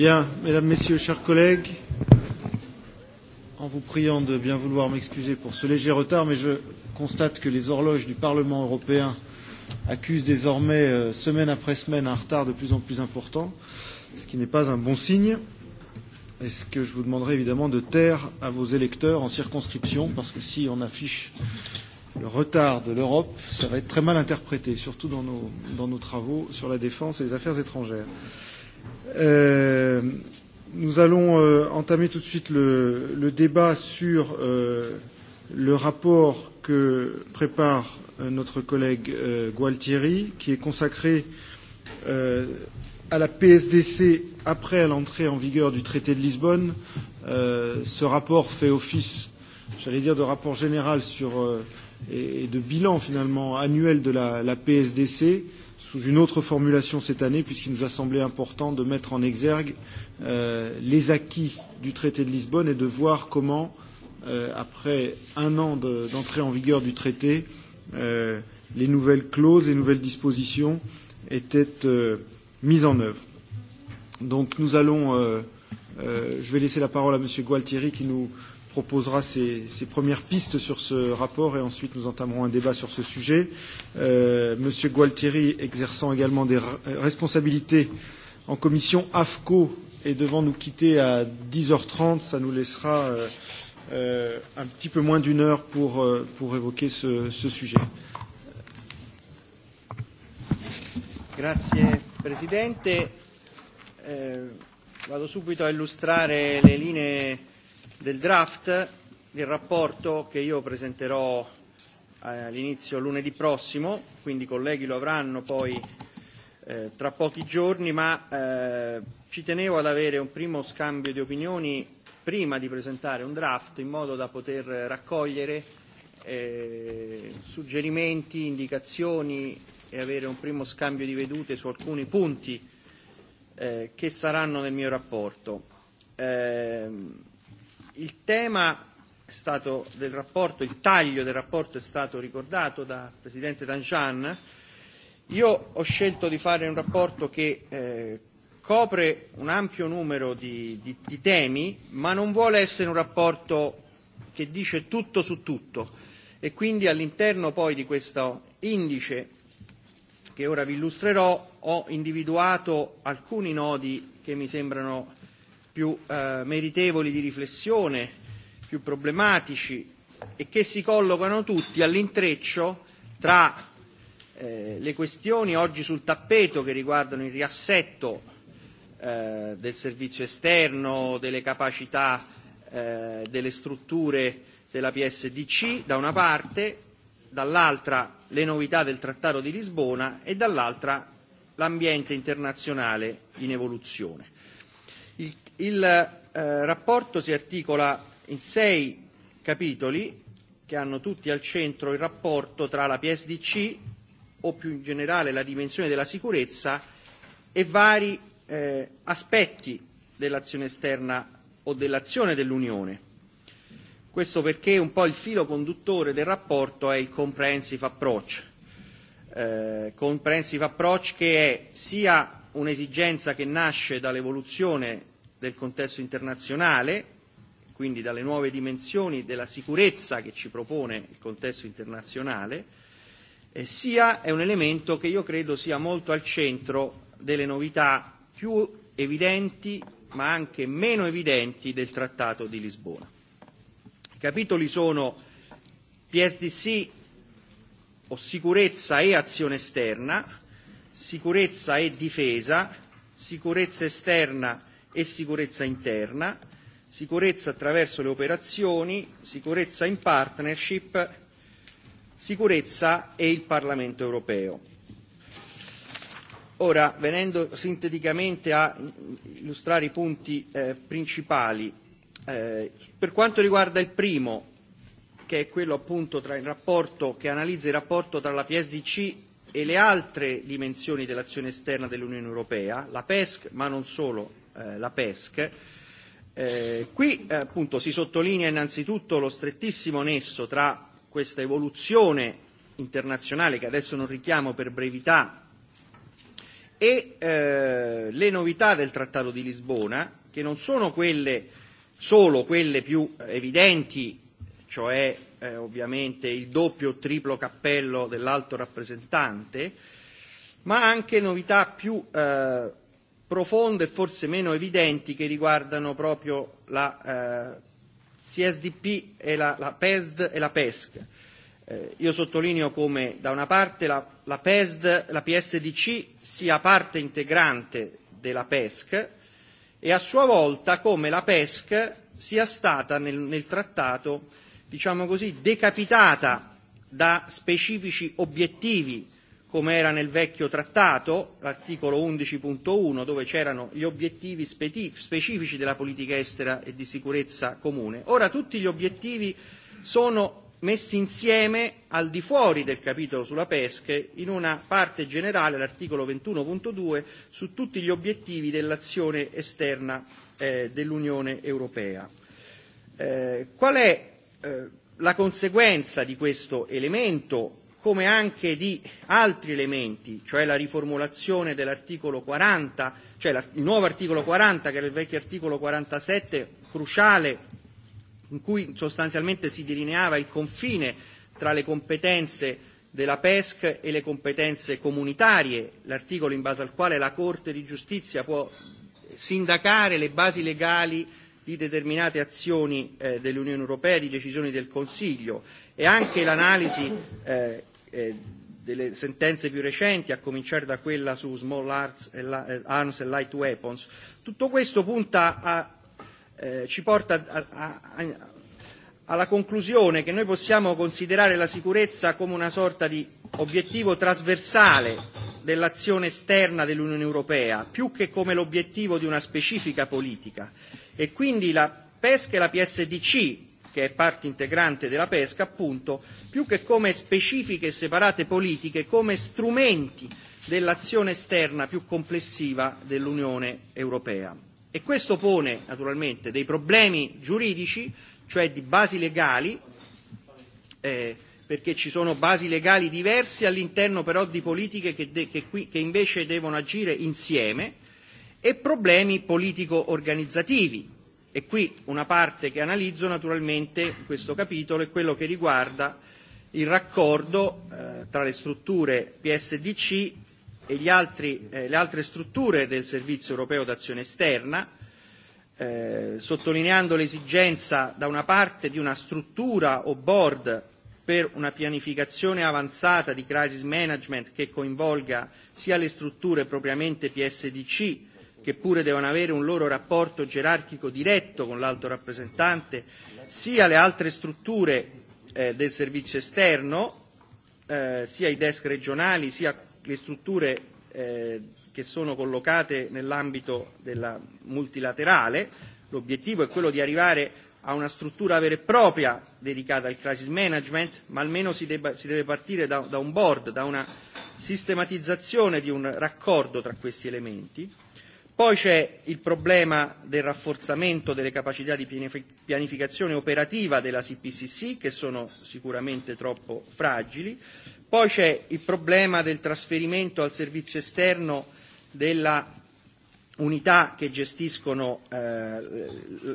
Bien, mesdames, messieurs, chers collègues, en vous priant de bien vouloir m'excuser pour ce léger retard, mais je constate que les horloges du Parlement européen accusent désormais, euh, semaine après semaine, un retard de plus en plus important, ce qui n'est pas un bon signe. Et ce que je vous demanderai évidemment de taire à vos électeurs en circonscription, parce que si on affiche le retard de l'Europe, ça va être très mal interprété, surtout dans nos, dans nos travaux sur la défense et les affaires étrangères. Euh, nous allons euh, entamer tout de suite le, le débat sur euh, le rapport que prépare euh, notre collègue euh, Gualtieri, qui est consacré euh, à la PSDC après l'entrée en vigueur du traité de Lisbonne. Euh, ce rapport fait office, j'allais dire, de rapport général sur, euh, et, et de bilan finalement annuel de la, la PSDC. Euh, sous une autre formulation cette année, puisqu'il nous a semblé important de mettre en exergue euh, les acquis du traité de Lisbonne et de voir comment, euh, après un an d'entrée de, en vigueur du traité, euh, les nouvelles clauses, les nouvelles dispositions étaient euh, mises en œuvre. Donc nous allons, euh, euh, je vais laisser la parole à M. Gualtieri qui nous euh, proposera ses, ses premières pistes sur ce rapport et ensuite nous entamerons un débat sur ce sujet. Euh, Monsieur Gualtieri, exerçant également des responsabilités en commission AFCO et devant nous quitter à 10h30, ça nous laissera euh, euh, un petit peu moins d'une heure pour, euh, pour évoquer ce, ce sujet. Grazie Presidente. Eh, vado subito a illustrare le linee del draft del rapporto che io presenterò eh, all'inizio lunedì prossimo, quindi i colleghi lo avranno poi eh, tra pochi giorni, ma eh, ci tenevo ad avere un primo scambio di opinioni prima di presentare un draft in modo da poter raccogliere eh, suggerimenti, indicazioni e avere un primo scambio di vedute su alcuni punti eh, che saranno nel mio rapporto. Eh, il tema è stato del rapporto, il taglio del rapporto è stato ricordato dal Presidente Danjan. Io ho scelto di fare un rapporto che eh, copre un ampio numero di, di, di temi, ma non vuole essere un rapporto che dice tutto su tutto. E quindi all'interno poi di questo indice che ora vi illustrerò ho individuato alcuni nodi che mi sembrano più eh, meritevoli di riflessione, più problematici e che si collocano tutti all'intreccio tra eh, le questioni oggi sul tappeto che riguardano il riassetto eh, del servizio esterno, delle capacità eh, delle strutture della PSDC da una parte, dall'altra le novità del Trattato di Lisbona e dall'altra l'ambiente internazionale in evoluzione. Il, il eh, rapporto si articola in sei capitoli che hanno tutti al centro il rapporto tra la PSDC o più in generale la dimensione della sicurezza e vari eh, aspetti dell'azione esterna o dell'azione dell'Unione. Questo perché un po' il filo conduttore del rapporto è il comprehensive approach. Eh, comprehensive approach che è sia un'esigenza che nasce dall'evoluzione del contesto internazionale, quindi dalle nuove dimensioni della sicurezza che ci propone il contesto internazionale, eh, sia è un elemento che io credo sia molto al centro delle novità più evidenti ma anche meno evidenti del Trattato di Lisbona. I capitoli sono PSDC o sicurezza e azione esterna, sicurezza e difesa, sicurezza esterna e sicurezza interna, sicurezza attraverso le operazioni, sicurezza in partnership, sicurezza e il Parlamento europeo. Ora, venendo sinteticamente a illustrare i punti eh, principali, eh, per quanto riguarda il primo, che è quello appunto tra il rapporto, che analizza il rapporto tra la PSDC e le altre dimensioni dell'azione esterna dell'Unione Europea, la PESC, ma non solo, eh, la PESC. Eh, qui eh, appunto si sottolinea innanzitutto lo strettissimo nesso tra questa evoluzione internazionale che adesso non richiamo per brevità e eh, le novità del Trattato di Lisbona, che non sono quelle, solo quelle più evidenti, cioè eh, ovviamente il doppio o triplo cappello dell'alto rappresentante, ma anche novità più eh, profonde e forse meno evidenti che riguardano proprio la eh, CSDP e la, la PESD e la PESC. Eh, io sottolineo come da una parte la, la PESD, la PSDC sia parte integrante della PESC e a sua volta come la PESC sia stata nel, nel trattato, diciamo così, decapitata da specifici obiettivi come era nel vecchio trattato, l'articolo 11.1, dove c'erano gli obiettivi specifici della politica estera e di sicurezza comune. Ora tutti gli obiettivi sono messi insieme al di fuori del capitolo sulla pesca in una parte generale, l'articolo 21.2, su tutti gli obiettivi dell'azione esterna eh, dell'Unione Europea. Eh, qual è eh, la conseguenza di questo elemento come anche di altri elementi, cioè la riformulazione dell'articolo 40, cioè la, il nuovo articolo 40 che era il vecchio articolo 47, cruciale, in cui sostanzialmente si delineava il confine tra le competenze della PESC e le competenze comunitarie, l'articolo in base al quale la Corte di giustizia può sindacare le basi legali di determinate azioni eh, dell'Unione Europea, di decisioni del Consiglio e anche l'analisi eh, eh, delle sentenze più recenti, a cominciare da quella su small arms e, la, eh, arms e light weapons, tutto questo punta a, eh, ci porta a, a, a, alla conclusione che noi possiamo considerare la sicurezza come una sorta di obiettivo trasversale dell'azione esterna dell'Unione Europea, più che come l'obiettivo di una specifica politica. E quindi la PESC e la PSDC che è parte integrante della pesca, appunto, più che come specifiche e separate politiche, come strumenti dell'azione esterna più complessiva dell'Unione europea. E questo pone naturalmente dei problemi giuridici, cioè di basi legali, eh, perché ci sono basi legali diverse all'interno però di politiche che, de- che, qui, che invece devono agire insieme, e problemi politico-organizzativi, E qui una parte che analizzo naturalmente in questo capitolo è quello che riguarda il raccordo eh, tra le strutture PSDC e gli altri, eh, le altre strutture del Servizio europeo d'azione esterna, eh, sottolineando l'esigenza da una parte di una struttura o board per una pianificazione avanzata di crisis management che coinvolga sia le strutture propriamente PSDC che pure devono avere un loro rapporto gerarchico diretto con l'alto rappresentante, sia le altre strutture eh, del servizio esterno, eh, sia i desk regionali, sia le strutture eh, che sono collocate nell'ambito della multilaterale. L'obiettivo è quello di arrivare a una struttura vera e propria dedicata al crisis management, ma almeno si, debba, si deve partire da, da un board, da una sistematizzazione di un raccordo tra questi elementi Poi c'è il problema del rafforzamento delle capacità di pianificazione operativa della CPCC, che sono sicuramente troppo fragili. Poi c'è il problema del trasferimento al servizio esterno della unità che gestiscono eh,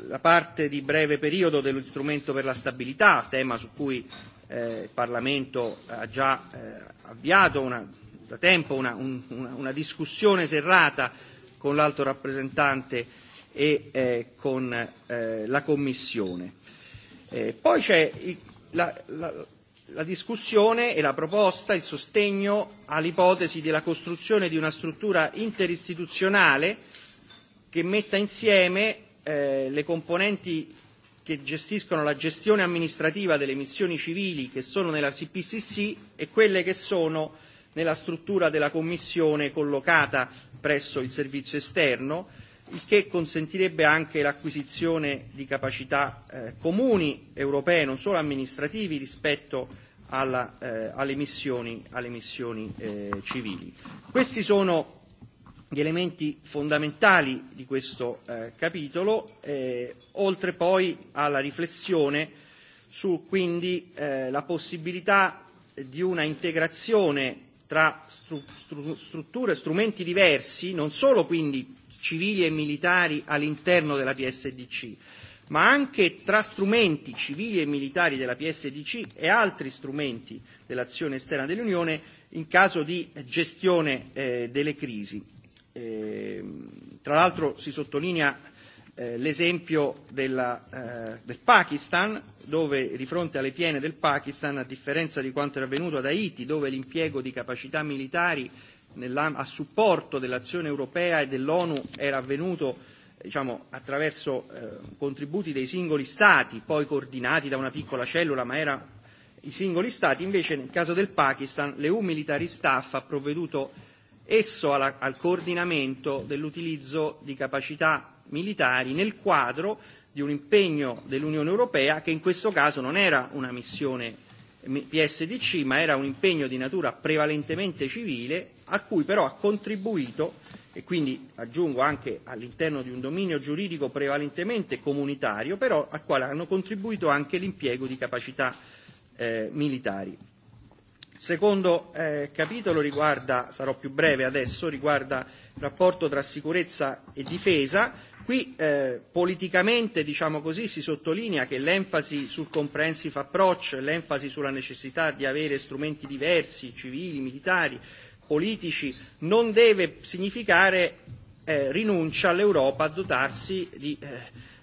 la parte di breve periodo dello strumento per la stabilità, tema su cui eh, il Parlamento ha già eh, avviato una, da tempo una, un, una, una discussione serrata con l'alto rappresentante e eh, con eh, la Commissione. Eh, poi c'è il, la, la, la discussione e la proposta, il sostegno all'ipotesi della costruzione di una struttura interistituzionale che metta insieme eh, le componenti che gestiscono la gestione amministrativa delle missioni civili che sono nella CPCC e quelle che sono nella struttura della Commissione collocata presso il servizio esterno, il che consentirebbe anche l'acquisizione di capacità eh, comuni europee, non solo amministrativi, rispetto alla, eh, alle missioni, alle missioni eh, civili. Questi sono gli elementi fondamentali di questo eh, capitolo, eh, oltre poi alla riflessione su quindi eh, la possibilità di una integrazione tra stru- stru- strutture, strumenti diversi, non solo quindi civili e militari all'interno della PSDC, ma anche tra strumenti civili e militari della PSDC e altri strumenti dell'azione esterna dell'Unione in caso di gestione eh, delle crisi. Eh, tra l'altro si sottolinea eh, l'esempio della, eh, del Pakistan dove di fronte alle piene del Pakistan, a differenza di quanto era avvenuto ad Haiti, dove l'impiego di capacità militari a supporto dell'azione europea e dell'ONU era avvenuto diciamo, attraverso eh, contributi dei singoli Stati, poi coordinati da una piccola cellula, ma era i singoli Stati, invece nel caso del Pakistan l'EU Military Staff ha provveduto esso alla, al coordinamento dell'utilizzo di capacità militari nel quadro di un impegno dell'Unione Europea che in questo caso non era una missione PSDC ma era un impegno di natura prevalentemente civile a cui però ha contribuito e quindi aggiungo anche all'interno di un dominio giuridico prevalentemente comunitario però al quale hanno contribuito anche l'impiego di capacità eh, militari. Il secondo eh, capitolo riguarda, sarò più breve adesso, riguarda il rapporto tra sicurezza e difesa Qui eh, politicamente, diciamo così, si sottolinea che l'enfasi sul comprehensive approach, l'enfasi sulla necessità di avere strumenti diversi, civili, militari, politici, non deve significare eh, rinuncia all'Europa a dotarsi di eh,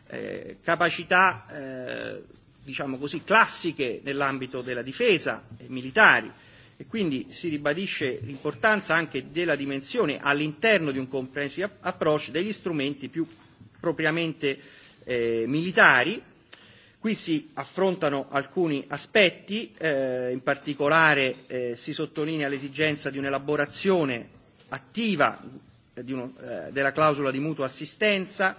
eh, capacità, eh, diciamo così, classiche nell'ambito della difesa e militari. E quindi si ribadisce l'importanza anche della dimensione all'interno di un comprehensive approach degli strumenti più propriamente eh, militari. Qui si affrontano alcuni aspetti, eh, in particolare eh, si sottolinea l'esigenza di un'elaborazione attiva eh, di uno, eh, della clausola di mutua assistenza,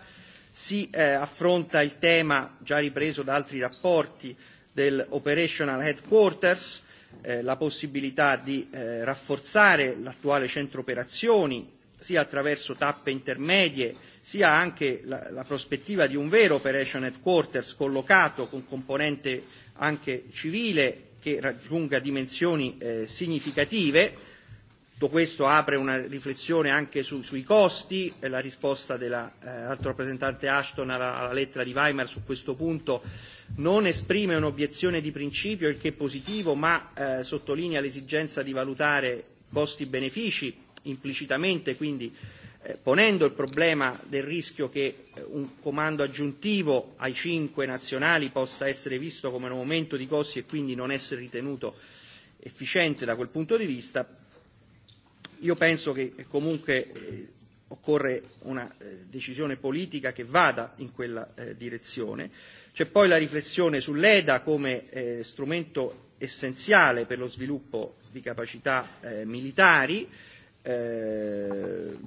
si eh, affronta il tema già ripreso da altri rapporti dell'operational headquarters, eh, la possibilità di eh, rafforzare l'attuale centro operazioni sia attraverso tappe intermedie sia anche la, la prospettiva di un vero operation headquarters collocato con componente anche civile che raggiunga dimensioni eh, significative. Tutto questo apre una riflessione anche su, sui costi, eh, la risposta dell'alto eh, rappresentante Ashton alla, alla lettera di Weimar su questo punto non esprime un'obiezione di principio, il che è positivo, ma eh, sottolinea l'esigenza di valutare costi-benefici implicitamente, quindi eh, eh, ponendo il problema del rischio che eh, un comando aggiuntivo ai cinque nazionali possa essere visto come un aumento di costi e quindi non essere ritenuto efficiente da quel punto di vista, io penso che eh, comunque eh, occorre una eh, decisione politica che vada in quella eh, direzione. C'è poi la riflessione sull'EDA come eh, strumento essenziale per lo sviluppo di capacità eh, militari. Eh,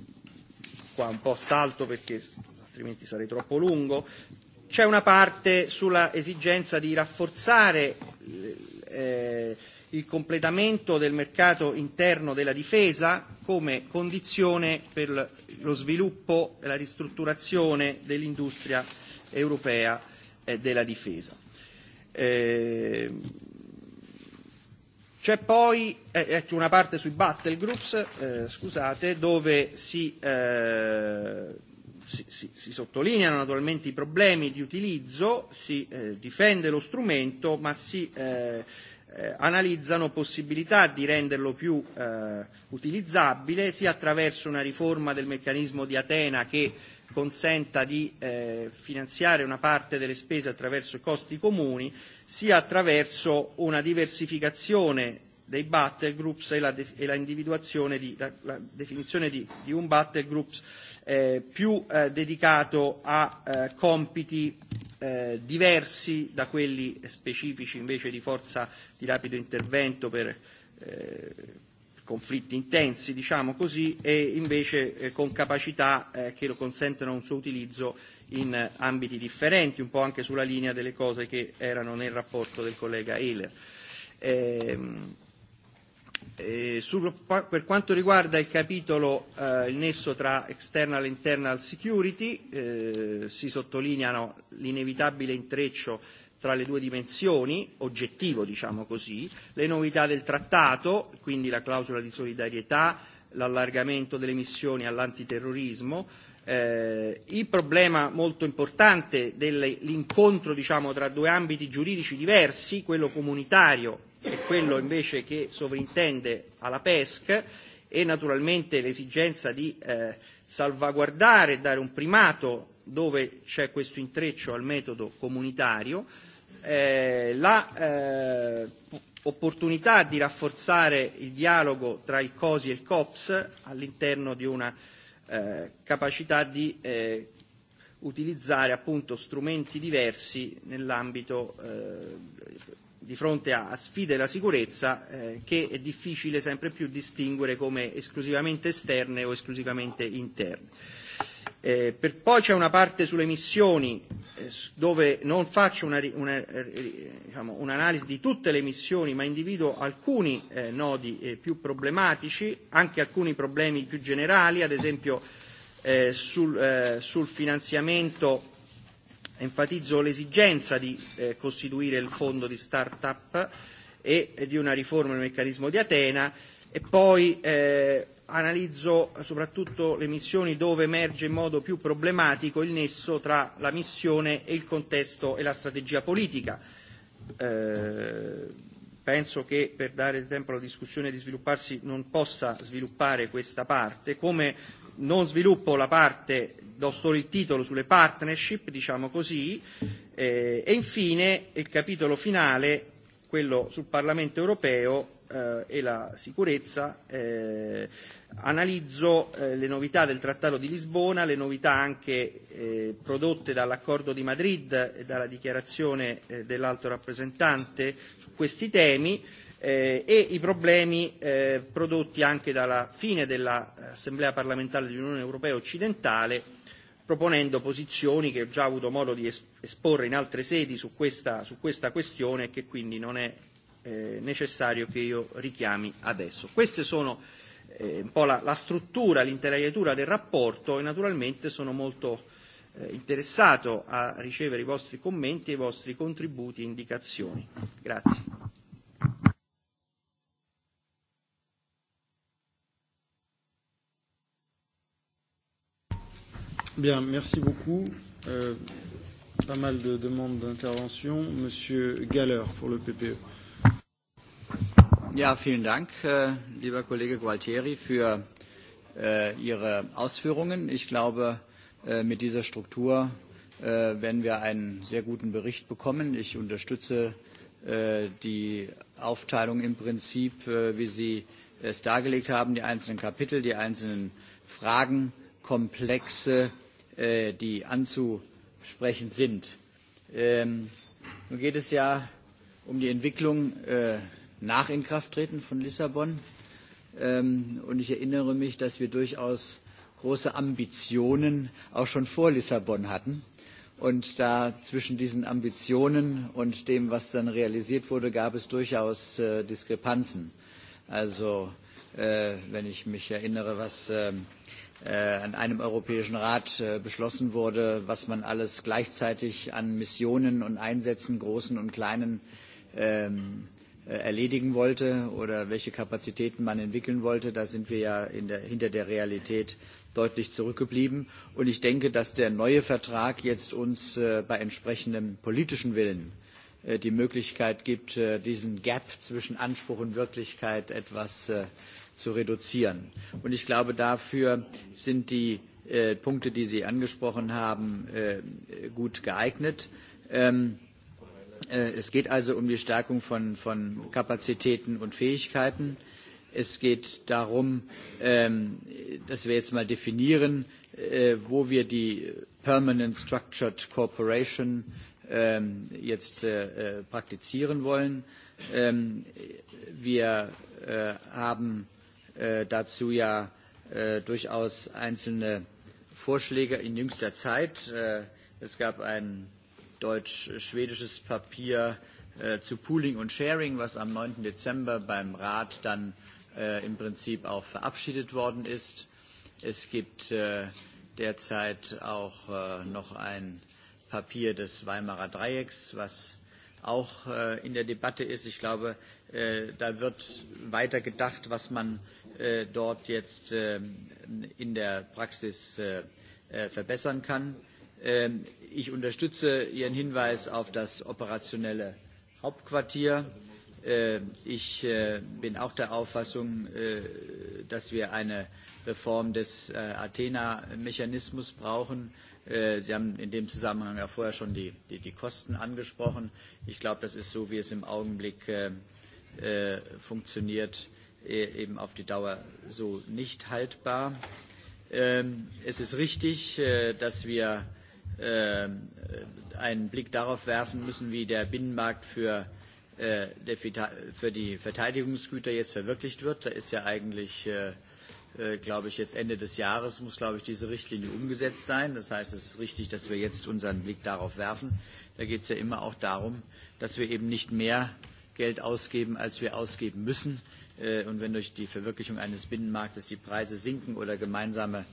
qua un po' a salto perché altrimenti sarei troppo lungo, c'è una parte sulla esigenza di rafforzare eh, il completamento del mercato interno della difesa come condizione per lo sviluppo e la ristrutturazione dell'industria europea eh, della difesa. Eh, C'è poi eh, una parte sui battlegroups, eh, scusate, dove si, eh, si, si, si sottolineano naturalmente i problemi di utilizzo, si eh, difende lo strumento, ma si eh, eh, analizzano possibilità di renderlo più eh, utilizzabile sia attraverso una riforma del meccanismo di Atena che eh, consenta di eh, finanziare una parte delle spese attraverso i costi comuni, sia attraverso una diversificazione dei battle groups e la, de- e la individuazione di, la, la definizione di, di un battle groups eh, più eh, dedicato a eh, compiti eh, diversi da quelli specifici invece di forza di rapido intervento per, eh, conflitti intensi, diciamo così, e invece eh, con capacità eh, che lo consentono un suo utilizzo in eh, ambiti differenti, un po' anche sulla linea delle cose che erano nel rapporto del collega Ehler. Eh, eh, sul, per quanto riguarda il capitolo, eh, il nesso tra external e internal security, eh, si sottolineano l'inevitabile intreccio tra le due dimensioni, oggettivo diciamo così, le novità del trattato, quindi la clausola di solidarietà, l'allargamento delle missioni all'antiterrorismo, eh, il problema molto importante dell'incontro diciamo, tra due ambiti giuridici diversi, quello comunitario e quello invece che sovrintende alla PESC, e naturalmente l'esigenza di eh, salvaguardare e dare un primato dove c'è questo intreccio al metodo comunitario, eh, la eh, opportunità di rafforzare il dialogo tra il COSI e il COPS all'interno di una eh, capacità di eh, utilizzare appunto strumenti diversi nell'ambito eh, di fronte a, a sfide della sicurezza eh, che è difficile sempre più distinguere come esclusivamente esterne o esclusivamente interne. Eh, Eh, per, poi c'è una parte sulle missioni eh, dove non faccio una, una, eh, diciamo, un'analisi di tutte le missioni ma individuo alcuni eh, nodi eh, più problematici, anche alcuni problemi più generali, ad esempio eh, sul, eh, sul finanziamento enfatizzo l'esigenza di eh, costituire il fondo di start-up e, e di una riforma del meccanismo di Atena. Eh, E poi eh, analizzo soprattutto le missioni dove emerge in modo più problematico il nesso tra la missione e il contesto e la strategia politica. Eh, penso che per dare tempo alla discussione di svilupparsi non possa sviluppare questa parte, come non sviluppo la parte, do solo il titolo sulle partnership, diciamo così, eh, e infine il capitolo finale, quello sul Parlamento europeo, eh, e la sicurezza, eh, analizzo eh, le novità del Trattato di Lisbona, le novità anche eh, prodotte dall'accordo di Madrid e dalla dichiarazione eh, dell'alto rappresentante su questi temi eh, e i problemi eh, prodotti anche dalla fine dell'Assemblea parlamentare dell'Unione Europea occidentale proponendo posizioni che ho già avuto modo di esporre in altre sedi su questa, su questa questione e che quindi non è eh, necessario che io richiami adesso. Queste sono eh, un po' la, la struttura, l'intelaiatura del rapporto e naturalmente sono molto eh, interessato a ricevere i vostri commenti, e i vostri contributi e indicazioni. Grazie. Bien, merci beaucoup. Euh, pas mal de demandes d'intervention. Monsieur Galler pour le PPE. Ja, vielen Dank, äh, lieber Kollege Gualtieri, für äh, Ihre Ausführungen. Ich glaube, äh, mit dieser Struktur äh, werden wir einen sehr guten Bericht bekommen. Ich unterstütze äh, die Aufteilung im Prinzip, äh, wie Sie es dargelegt haben, die einzelnen Kapitel, die einzelnen Fragenkomplexe, äh, die anzusprechen sind. Ähm, nun geht es ja um die Entwicklung äh, nach Inkrafttreten von Lissabon. Ähm, und ich erinnere mich, dass wir durchaus große Ambitionen auch schon vor Lissabon hatten. Und da zwischen diesen Ambitionen und dem, was dann realisiert wurde, gab es durchaus äh, Diskrepanzen. Also äh, wenn ich mich erinnere, was ähm, äh, an einem Europäischen Rat äh, beschlossen wurde, was man alles gleichzeitig an Missionen und Einsätzen, großen und kleinen, ähm, Äh, erledigen wollte oder welche Kapazitäten man entwickeln wollte. Da sind wir ja in der, hinter der Realität deutlich zurückgeblieben. Und ich denke, dass der neue Vertrag jetzt uns äh, bei entsprechendem politischen Willen äh, die Möglichkeit gibt, äh, diesen Gap zwischen Anspruch und Wirklichkeit etwas äh, zu reduzieren. Und ich glaube, dafür sind die äh, Punkte, die Sie angesprochen haben, äh, gut geeignet. Ähm, Äh, es geht also um die Stärkung von, von Kapazitäten und Fähigkeiten. Es geht darum, ähm, dass wir jetzt mal definieren, äh, wo wir die Permanent Structured Corporation ähm, jetzt äh, äh, praktizieren wollen. Ähm, wir äh, haben äh, dazu ja äh, durchaus einzelne Vorschläge in jüngster Zeit. Äh, es gab einen deutsch-schwedisches Papier äh, zu Pooling und Sharing, was am 9. Dezember beim Rat dann äh, im Prinzip auch verabschiedet worden ist. Es gibt äh, derzeit auch äh, noch ein Papier des Weimarer Dreiecks, was auch äh, in der Debatte ist. Ich glaube, äh, da wird weiter gedacht, was man äh, dort jetzt äh, in der Praxis äh, äh verbessern kann. Äh, Ähm, ich unterstütze Ihren Hinweis auf das operationelle Hauptquartier. Ähm, ich äh, bin auch der Auffassung, äh, dass wir eine Reform des äh, Athena-Mechanismus brauchen. Sie haben in dem Zusammenhang ja vorher schon die, die, die Kosten angesprochen. Ich glaube, das ist so, wie es im Augenblick äh, funktioniert, e, eben auf die Dauer so nicht haltbar. Ähm, es ist richtig, äh, dass wir Äh, einen Blick darauf werfen müssen, wie der Binnenmarkt für, äh, für die Verteidigungsgüter jetzt verwirklicht wird. Da ist ja eigentlich, äh, glaube ich, jetzt Ende des Jahres muss, glaube ich, diese Richtlinie umgesetzt sein. Das heißt, es ist richtig, dass wir jetzt unseren Blick darauf werfen. Da geht es ja immer auch darum, dass wir eben nicht mehr Geld ausgeben, als wir ausgeben müssen. Und wenn durch die Verwirklichung eines Binnenmarktes die Preise sinken oder gemeinsame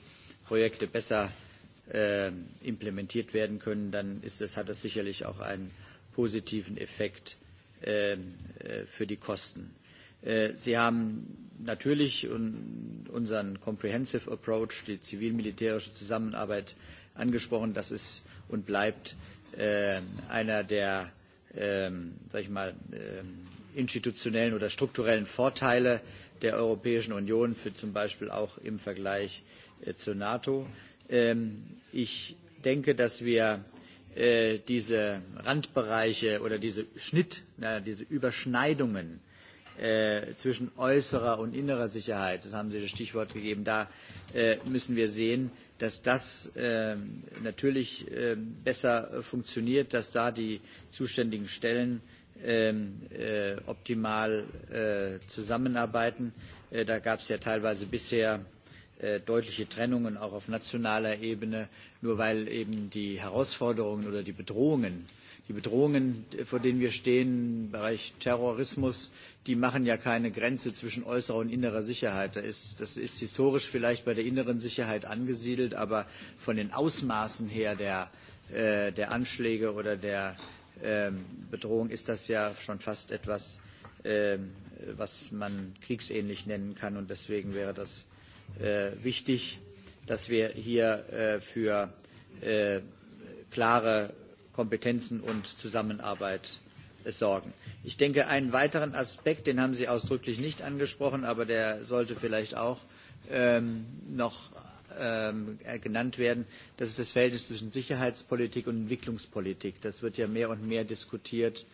Projekte besser äh, äh, implementiert werden können, dann ist das, hat das sicherlich auch einen positiven Effekt äh, äh, für die Kosten. Äh, Sie haben natürlich un unseren Comprehensive Approach, die zivil-militärische Zusammenarbeit angesprochen. Das ist und bleibt äh, einer der äh, sag ich mal, äh, institutionellen oder strukturellen Vorteile der Europäischen Union, für zum Beispiel auch im Vergleich äh, zur NATO. Äh, Ähm, ich denke, dass wir äh, diese Randbereiche oder diese Schnitt, na, diese Überschneidungen äh, zwischen äußerer und innerer Sicherheit, das haben Sie das Stichwort gegeben, da äh, müssen wir sehen, dass das äh, natürlich äh, besser funktioniert, dass da die zuständigen Stellen ähm, äh, optimal äh, zusammenarbeiten. Äh, da gab es ja teilweise bisher äh, Äh, deutliche Trennungen auch auf nationaler Ebene, nur weil eben die Herausforderungen oder die Bedrohungen, die Bedrohungen, äh, vor denen wir stehen im Bereich Terrorismus, die machen ja keine Grenze zwischen äußerer und innerer Sicherheit. Das ist, das ist historisch vielleicht bei der inneren Sicherheit angesiedelt, aber von den Ausmaßen her der, äh, der Anschläge oder der äh, Bedrohung ist das ja schon fast etwas, äh, was man kriegsähnlich nennen kann. Und deswegen wäre das äh, wichtig, dass wir hier äh, für äh, klare Kompetenzen und Zusammenarbeit äh, sorgen. Ich denke, einen weiteren Aspekt, den haben Sie ausdrücklich nicht angesprochen, aber der sollte vielleicht auch ähm, noch ähm, genannt werden, das ist das Verhältnis zwischen Sicherheitspolitik und Entwicklungspolitik. Das wird ja mehr und mehr diskutiert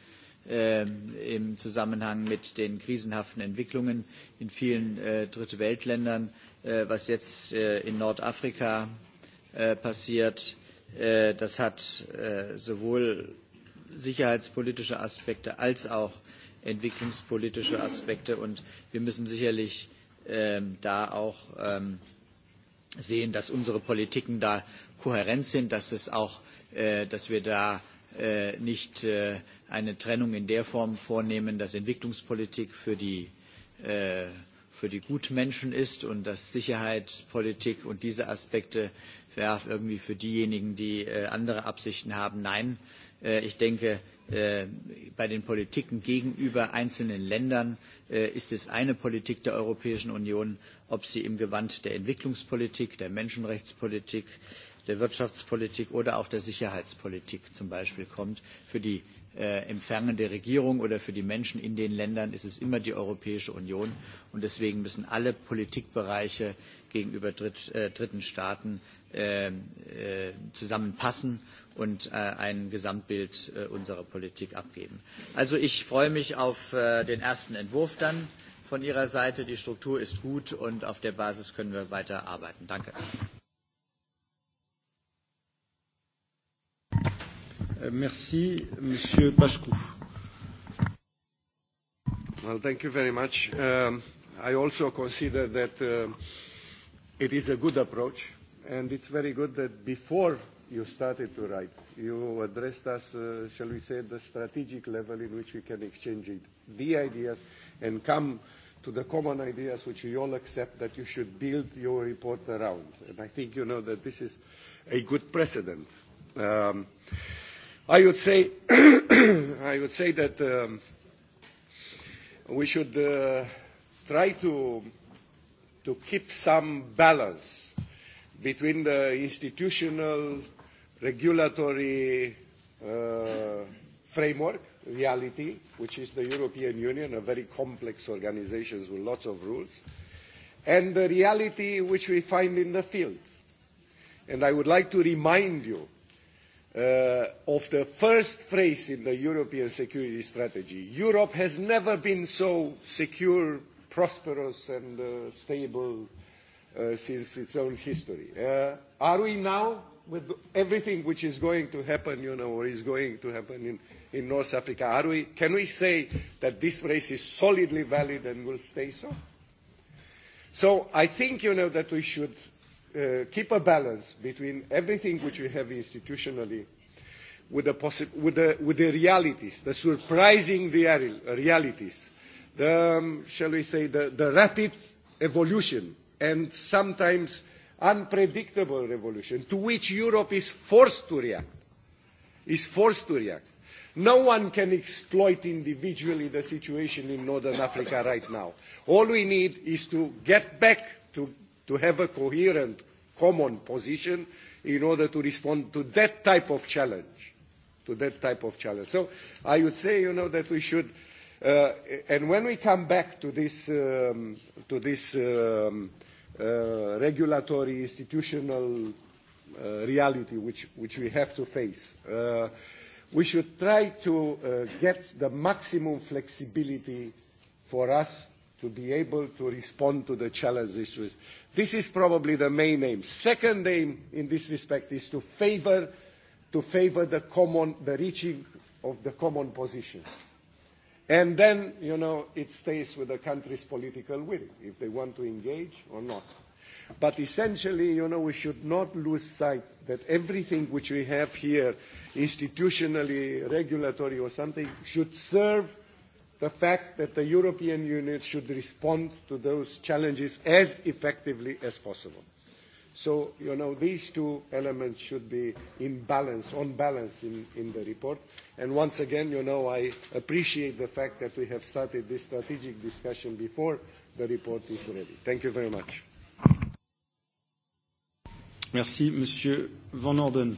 äh, im Zusammenhang mit den krisenhaften Entwicklungen in vielen äh, Dritte Weltländern äh, was jetzt äh, in Nordafrika äh, passiert, äh, das hat äh, sowohl sicherheitspolitische Aspekte als auch entwicklungspolitische Aspekte. Und wir müssen sicherlich äh, da auch ähm, sehen, dass unsere Politiken da kohärent sind, dass es auch, äh, dass wir da äh, nicht äh, eine Trennung in der Form vornehmen, dass Entwicklungspolitik für die äh, für die Gutmenschen ist und dass Sicherheit, Politik und diese Aspekte werf irgendwie für diejenigen, die äh, andere Absichten haben. Nein, äh, ich denke, äh, bei den Politiken gegenüber einzelnen Ländern äh, ist es eine Politik der Europäischen Union, ob sie im Gewand der Entwicklungspolitik, der Menschenrechtspolitik, der Wirtschaftspolitik oder auch der Sicherheitspolitik zum Beispiel kommt. Für die äh, empfangende Regierung oder für die Menschen in den Ländern ist es immer die Europäische Union. Und deswegen müssen alle Politikbereiche gegenüber Dritt, äh, dritten Staaten äh, äh, zusammenpassen und äh, ein Gesamtbild äh, unserer Politik abgeben. Also ich freue mich auf äh, den ersten Entwurf dann von Ihrer Seite. Die Struktur ist gut und auf der Basis können wir weiter arbeiten. Danke. Äh, merci, Monsieur Pascu. Well, thank you very much. Um, I also consider that uh, it is a good approach, and it's very good that before you started to write, you addressed us, uh, shall we say, the strategic level in which we can exchange it, the ideas, and come to the common ideas which you all accept that you should build your report around. And I think you know that this is a good precedent. Um, I would say, I would say that um, we should uh, try to, to keep some balance between the institutional, regulatory uh, framework, reality, which is the European Union, a very complex organization with lots of rules, and the reality which we find in the field. And I would like to remind you uh, of the first phrase in the European security strategy. Europe has never been so secure prosperous and uh, stable uh, since its own history. Uh, are we now, with everything which is going to happen, you know, or is going to happen in, in North Africa, are we, can we say that this race is solidly valid and will stay so? So I think, you know, that we should uh, keep a balance between everything which we have institutionally with the, possi- with the, with the realities, the surprising real- realities the, um, shall we say, the, the rapid evolution and sometimes unpredictable evolution to which Europe is forced to react, is forced to react. No one can exploit individually the situation in Northern Africa right now. All we need is to get back to, to have a coherent, common position in order to respond to that type of challenge, to that type of challenge. So I would say, you know, that we should uh, Uh, and when we come back to this, um, to this um, uh, regulatory institutional uh, reality which, which we have to face, uh, we should try to uh, get the maximum flexibility for us to be able to respond to the challenges. This is probably the main aim. Second aim in this respect is to favor, to favor the, common, the reaching of the common positions. And then, you know, it stays with the country's political will, if they want to engage or not. But essentially, you know, we should not lose sight that everything which we have here, institutionally, regulatory or something, should serve the fact that the European Union should respond to those challenges as effectively as possible. So, you know, these two elements should be in balance, on balance in, in the report. And once again, you know, I appreciate the fact that we have started this strategic discussion before the report is ready. Thank you very much. Merci. Monsieur Van Orden.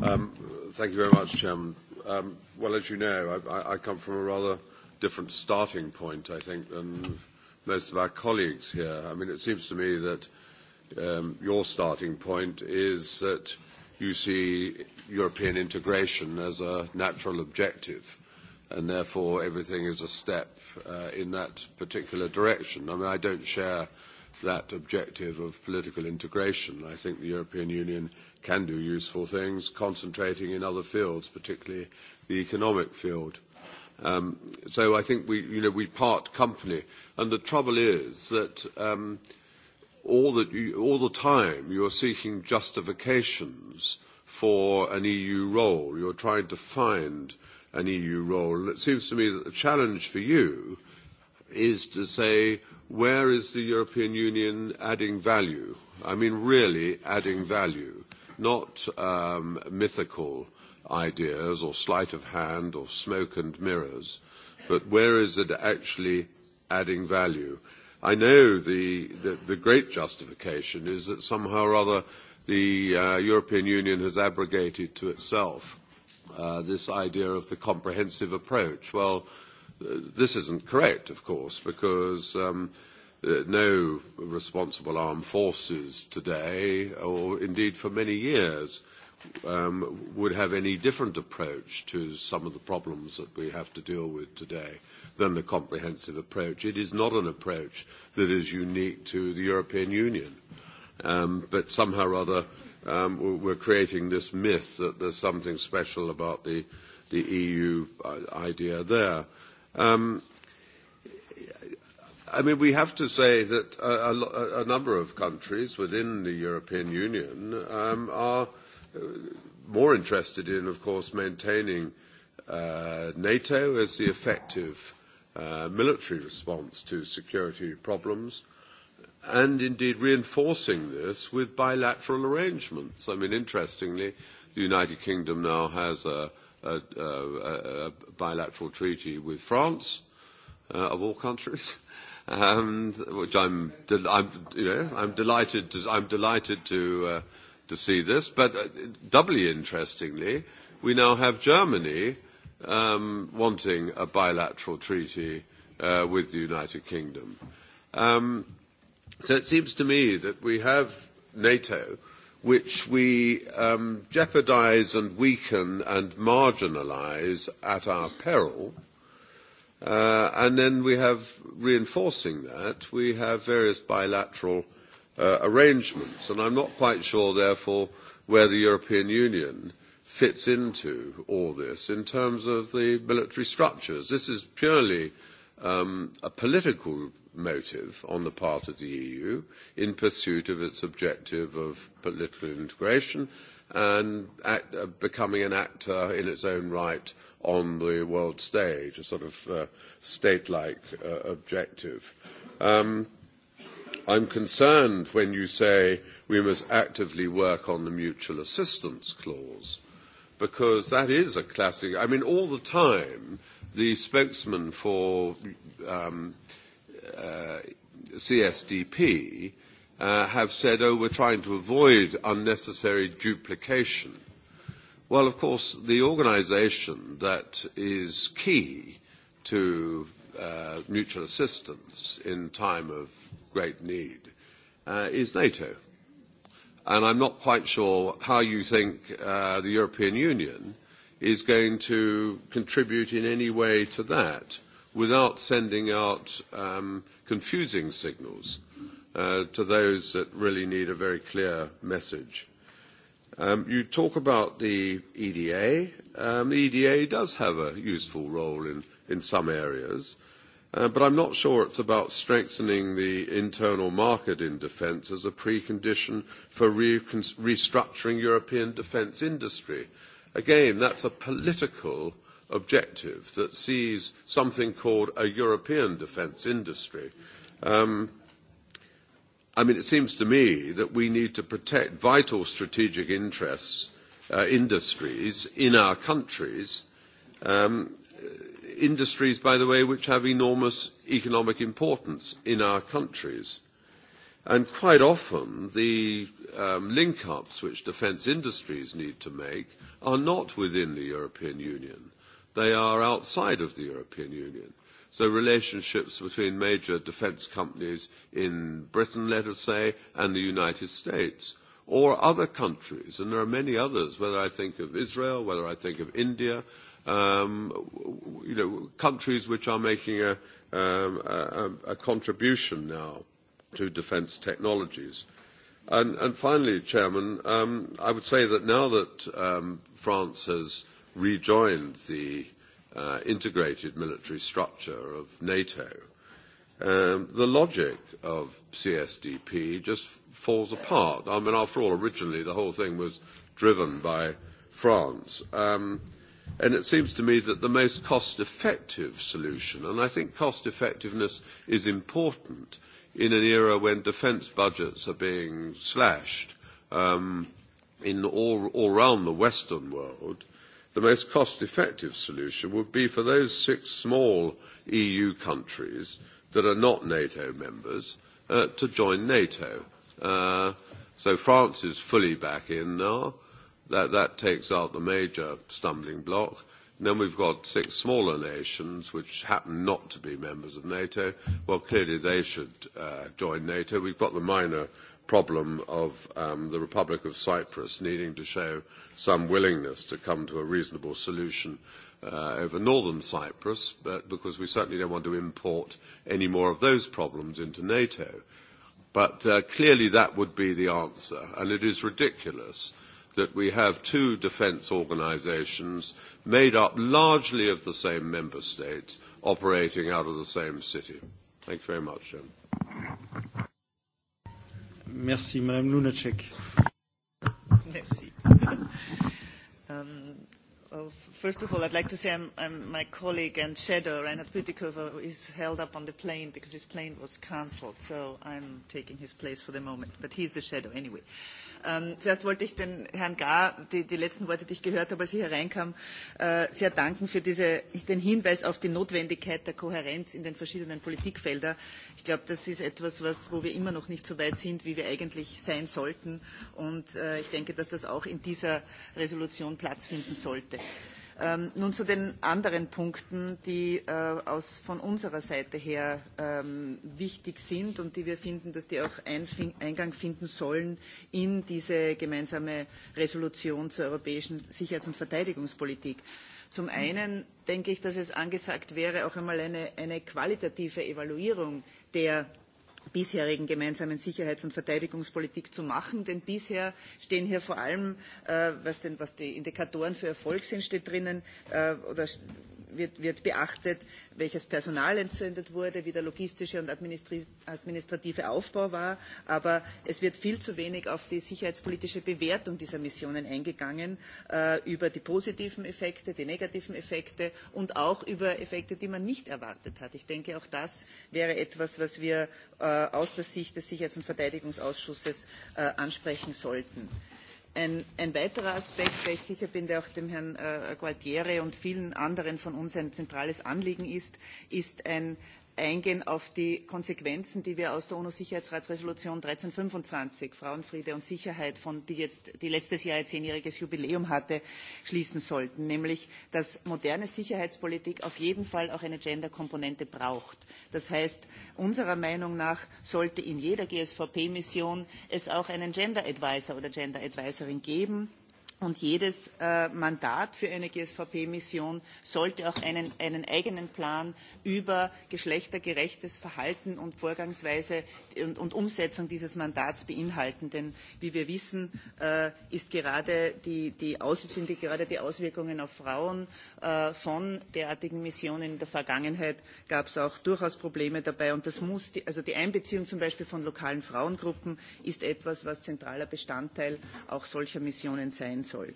Um, thank you very much, Chairman. Um, well, as you know, I, I come from a rather different starting point, I think, than most of our colleagues here. I mean, it seems to me that um, your starting point is that you see European integration as a natural objective, and therefore everything is a step uh, in that particular direction. I mean, I don't share that objective of political integration. I think the European Union can do useful things, concentrating in other fields, particularly the economic field. Uh, Um, so I think we, you know, we part company. And the trouble is that um, all, that you, all the time you're seeking justifications for an EU role. You're trying to find an EU role. And it seems to me that the challenge for you is to say, where is the European Union adding value? I mean, really adding value, not um, mythical uh, ideas or sleight of hand or smoke and mirrors, but where is it actually adding value? I know the, the, the great justification is that somehow or other the uh, European Union has abrogated to itself uh, this idea of the comprehensive approach. Well, uh, this isn't correct, of course, because um, uh, no responsible armed forces today, or indeed for many years, um, would have any different approach to some of the problems that we have to deal with today than the comprehensive approach. It is not an approach that is unique to the European Union, um, but somehow or other um, we're creating this myth that there's something special about the, the EU uh, idea there. Um, I mean, we have to say that a, a, a number of countries within the European Union um, are – more interested in, of course, maintaining uh, NATO as the effective uh, military response to security problems, and indeed reinforcing this with bilateral arrangements. I mean, interestingly, the United Kingdom now has a, a, a, a bilateral treaty with France, uh, of all countries. Um, which I'm, I'm, you know, I'm delighted to, I'm delighted to uh, to see this. But uh, doubly interestingly, we now have Germany um, wanting a bilateral treaty uh, with the United Kingdom. Um, so it seems to me that we have NATO, which we um, jeopardize and weaken and marginalize at our peril. Uh, and then we have reinforcing that, we have various bilateral uh, uh, arrangements. And I'm not quite sure, therefore, where the European Union fits into all this in terms of the military structures. This is purely um, a political motive on the part of the EU in pursuit of its objective of political integration and act, uh, becoming an actor in its own right on the world stage, a sort of uh, state-like uh, objective. Um, I am concerned when you say we must actively work on the mutual assistance clause, because that is a classic. I mean, all the time, the spokesman for um, uh, CSDP uh, have said, oh, we're trying to avoid unnecessary duplication. Well, of course, the organization that is key to uh, mutual assistance in time of great need uh, is NATO. And I'm not quite sure how you think uh, the European Union is going to contribute in any way to that without sending out um, confusing signals uh, to those that really need a very clear message. Um, you talk about the EDA. Um, the EDA does have a useful role in, in some areas. Uh, Uh, but I'm not sure it's about strengthening the internal market in defence as a precondition for re- restructuring European defence industry. Again, that's a political objective that sees something called a European defence industry. Um, I mean, it seems to me that we need to protect vital strategic interests, uh, industries in our countries, um, industries, by the way, which have enormous economic importance in our countries. And quite often, the um, link-ups which defence industries need to make are not within the European Union. They are outside of the European Union. So relationships between major defence companies in Britain, let us say, and the United States, or other countries, and there are many others, whether I think of Israel, whether I think of India, um, you know, countries which are making a, um, a, a contribution now to defence technologies. And, and finally, Chairman, um, I would say that now that um, France has rejoined the uh, integrated military structure of NATO, um, the logic of CSDP just falls apart. I mean, after all, originally the whole thing was driven by France. Um, And it seems to me that the most cost effective solution, and I think cost effectiveness is important in an era when defence budgets are being slashed um, in all, all around the Western world, the most cost effective solution would be for those six small EU countries that are not NATO members uh, to join NATO. Uh, so France is fully back in now. That, that takes out the major stumbling block. And then we've got six smaller nations which happen not to be members of NATO. Well, clearly they should uh, join NATO. We've got the minor problem of um, the Republic of Cyprus needing to show some willingness to come to a reasonable solution uh, over northern Cyprus, but because we certainly don't want to import any more of those problems into NATO. But uh, clearly that would be the answer, and it is ridiculous that we have two defence organisations made up largely of the same member states operating out of the same city. Thank you very much, Jim. Merci, Madame Lunacek. Merci. um, Well, first of all, I'd like to say I'm, I'm my colleague and shadow, Reinhard Bütikofer, is held up on the plane because his plane was cancelled, so I'm taking his place for the moment, but he's the shadow anyway. Uh, Ähm, zuerst wollte ich den Herrn Gar, die, die letzten Worte, die ich gehört habe, als ich hereinkam, äh, sehr danken für diese, den Hinweis auf die Notwendigkeit der Kohärenz in den verschiedenen Politikfeldern. Ich glaube, das ist etwas, was, wo wir immer noch nicht so weit sind, wie wir eigentlich sein sollten. Und äh, ich denke, dass das auch in dieser Resolution Platz finden sollte. Ähm, nun zu den anderen Punkten, die äh, aus, von unserer Seite her ähm, wichtig sind und die wir finden, dass die auch einfing, Eingang finden sollen in diese gemeinsame Resolution zur europäischen Sicherheits- und Verteidigungspolitik. Zum einen denke ich, dass es angesagt wäre, auch einmal eine, eine qualitative Evaluierung der bisherigen gemeinsamen Sicherheits- und Verteidigungspolitik zu machen. Denn bisher stehen hier vor allem, äh, was, denn, was die Indikatoren für Erfolg sind, steht drinnen, äh, oder wird, wird beachtet, welches Personal entzündet wurde, wie der logistische und administrative Aufbau war. Aber es wird viel zu wenig auf die sicherheitspolitische Bewertung dieser Missionen eingegangen, äh, über die positiven Effekte, die negativen Effekte und auch über Effekte, die man nicht erwartet hat. Ich denke, auch das wäre etwas, was wir äh, aus der Sicht des Sicherheits- und Verteidigungsausschusses äh, ansprechen sollten. Ein, ein weiterer Aspekt, der ich sicher bin, der auch dem Herrn äh, Gualtieri und vielen anderen von uns ein zentrales Anliegen ist, ist ein eingehen auf die Konsequenzen, die wir aus der UNO-Sicherheitsratsresolution 1325, Frauenfriede und Sicherheit, von, die, jetzt, die letztes Jahr ihr zehnjähriges Jubiläum hatte, schließen sollten. Nämlich, dass moderne Sicherheitspolitik auf jeden Fall auch eine Gender-Komponente braucht. Das heißt, unserer Meinung nach sollte in jeder GSVP-Mission es auch einen Gender-Advisor oder Gender-Advisorin geben, Und jedes äh, Mandat für eine GSVP-Mission sollte auch einen, einen eigenen Plan über geschlechtergerechtes Verhalten und Vorgangsweise und, und Umsetzung dieses Mandats beinhalten. Denn wie wir wissen, äh, ist gerade die, die Aus sind die, gerade die Auswirkungen auf Frauen äh, von derartigen Missionen in der Vergangenheit gab es auch durchaus Probleme dabei. Und das muss die, also die Einbeziehung zum Beispiel von lokalen Frauengruppen ist etwas, was zentraler Bestandteil auch solcher Missionen sein soll soll.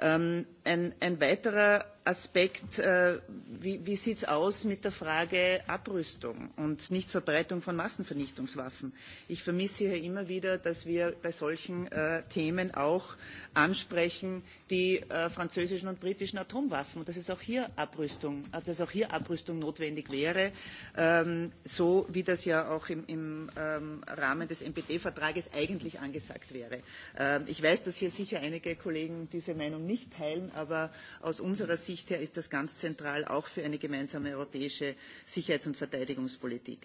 Ähm, ein, ein weiterer Aspekt, äh, wie, wie sieht es aus mit der Frage Abrüstung und Nichtverbreitung von Massenvernichtungswaffen? Ich vermisse hier immer wieder, dass wir bei solchen äh, Themen auch ansprechen die äh, französischen und britischen Atomwaffen und dass es auch hier Abrüstung, also dass auch hier Abrüstung notwendig wäre, ähm, so wie das ja auch im, im ähm, Rahmen des NPT-Vertrages eigentlich angesagt wäre. Ähm, ich weiß, dass hier sicher einige Kollegen diese Meinung nicht teilen, aber aus unserer Sicht Sicht her ist das ganz zentral auch für eine gemeinsame europäische Sicherheits- und Verteidigungspolitik.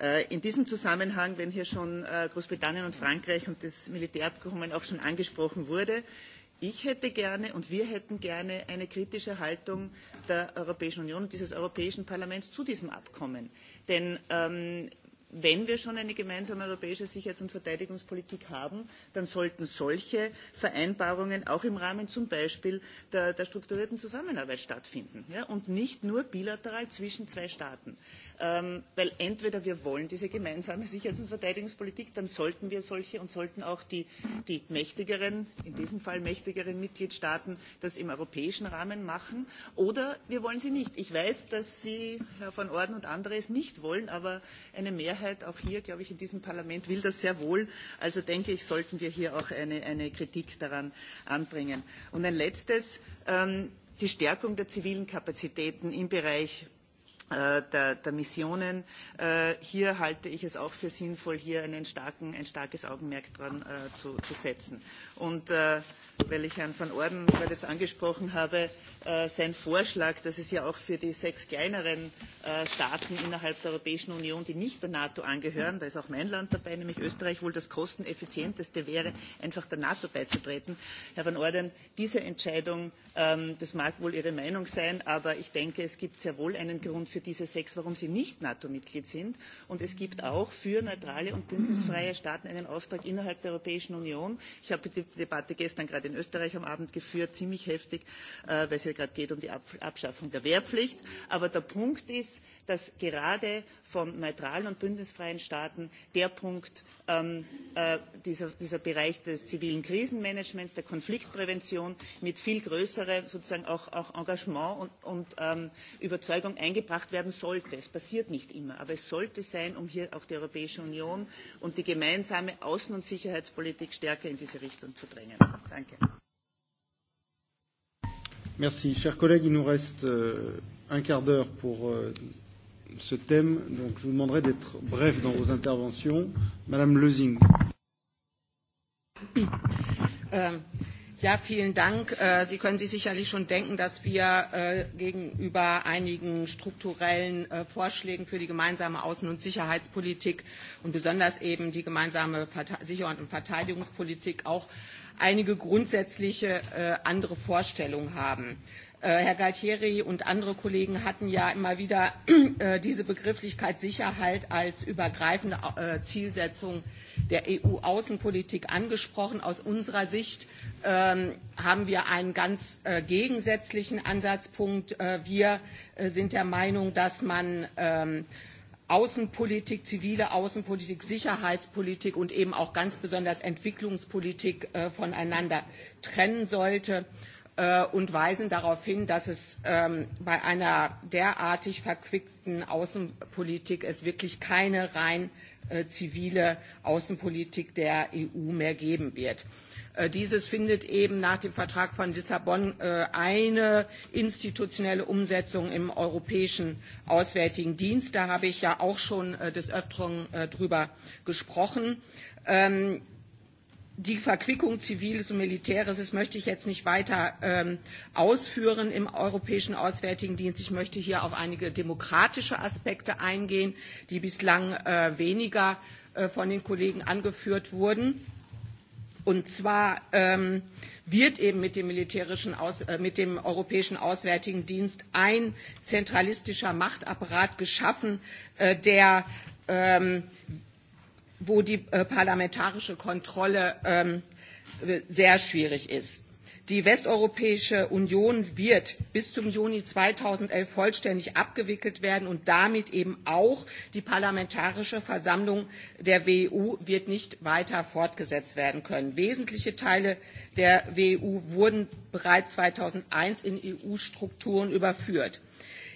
Äh, in diesem Zusammenhang, wenn hier schon äh, Großbritannien und Frankreich und das Militärabkommen auch schon angesprochen wurde, ich hätte gerne und wir hätten gerne eine kritische Haltung der Europäischen Union und dieses Europäischen Parlaments zu diesem Abkommen. Denn ähm, wenn wir schon eine gemeinsame europäische Sicherheits- und Verteidigungspolitik haben, dann sollten solche Vereinbarungen auch im Rahmen zum Beispiel der, der strukturierten Zusammenarbeit stattfinden ja, und nicht nur bilateral zwischen zwei Staaten ähm, weil entweder wir wollen diese gemeinsame Sicherheits- und Verteidigungspolitik, dann sollten wir solche und sollten auch die, die mächtigeren, in diesem Fall mächtigeren Mitgliedstaaten das im europäischen Rahmen machen, oder wir wollen sie nicht. Ich weiß, dass Sie, Herr van Orden und andere, es nicht wollen, aber eine Mehrheit auch hier, glaube ich, in diesem Parlament will das sehr wohl. Also denke ich, sollten wir hier auch eine, eine Kritik daran anbringen. Und ein letztes, ähm, die Stärkung der zivilen Kapazitäten im Bereich Äh, der, der Missionen. Äh, hier halte ich es auch für sinnvoll, hier einen starken, ein starkes Augenmerk dran äh, zu, zu setzen. Und äh, weil ich Herrn van Orden gerade jetzt angesprochen habe, äh, sein Vorschlag, dass es ja auch für die sechs kleineren äh, Staaten innerhalb der Europäischen Union, die nicht der NATO angehören, da ist auch mein Land dabei, nämlich Österreich, wohl das kosteneffizienteste wäre, einfach der NATO beizutreten. Herr van Orden, diese Entscheidung, ähm, das mag wohl Ihre Meinung sein, aber ich denke, es gibt sehr wohl einen Grund für diese sechs, warum sie nicht NATO-Mitglied sind. Und es gibt auch für neutrale und bündnisfreie Staaten einen Auftrag innerhalb der Europäischen Union. Ich habe die Debatte gestern gerade in Österreich am Abend geführt, ziemlich heftig, äh, weil es ja gerade geht um die Ab Abschaffung der Wehrpflicht. Aber der Punkt ist, dass gerade von neutralen und bündnisfreien Staaten der Punkt, ähm, äh, dieser, dieser Bereich des zivilen Krisenmanagements, der Konfliktprävention mit viel größerem sozusagen auch, auch Engagement und, und ähm, Überzeugung eingebracht gemacht werden sollte. Es passiert nicht immer, aber es sollte sein, um hier auch die Europäische Union und die gemeinsame Außen- und Sicherheitspolitik stärker in diese Richtung zu drängen. Danke. Merci. Chers collègues, il nous reste euh, un quart d'heure pour euh, ce thème, donc je vous demanderai d'être bref dans vos interventions. Madame Lezing. Euh, Ja, vielen Dank. Äh, Sie können sich sicherlich schon denken, dass wir äh, gegenüber einigen strukturellen äh, Vorschlägen für die gemeinsame Außen- und Sicherheitspolitik und besonders eben die gemeinsame Verte Sicherheit- und Verteidigungspolitik auch einige grundsätzliche äh, andere Vorstellungen haben. Äh, Herr Galtieri und andere Kollegen hatten ja immer wieder äh, diese Begrifflichkeit Sicherheit als übergreifende äh, Zielsetzung der EU-Außenpolitik angesprochen. Aus unserer Sicht ähm, haben wir einen ganz gegensätzlichen Ansatzpunkt. Wir sind der Meinung, dass man ähm, Außenpolitik, zivile Außenpolitik, Sicherheitspolitik und eben auch ganz besonders Entwicklungspolitik äh, voneinander trennen sollte äh, und weisen darauf hin, dass es ähm, bei einer derartig verquickten Außenpolitik es wirklich keine rein äh, zivile Außenpolitik der EU mehr geben wird. Äh, dieses findet eben nach dem Vertrag von Lissabon äh, eine institutionelle Umsetzung im Europäischen Auswärtigen Dienst. Da habe ich ja auch schon äh, des Öfteren äh, drüber gesprochen. Ähm, die Verquickung Ziviles und Militäres, das möchte ich jetzt nicht weiter ähm, ausführen im Europäischen Auswärtigen Dienst. Ich möchte hier auf einige demokratische Aspekte eingehen, die bislang äh, weniger äh, von den Kollegen angeführt wurden. Und zwar ähm, wird eben mit dem, militärischen Aus, äh, mit dem Europäischen Auswärtigen Dienst ein zentralistischer Machtapparat geschaffen, äh, der ähm, wo die äh, parlamentarische Kontrolle ähm, sehr schwierig ist. Die Westeuropäische Union wird bis zum Juni 2011 vollständig abgewickelt werden und damit eben auch die Parlamentarische Versammlung der WEU wird nicht weiter fortgesetzt werden können. Wesentliche Teile der WEU wurden bereits 2001 in EU-Strukturen überführt.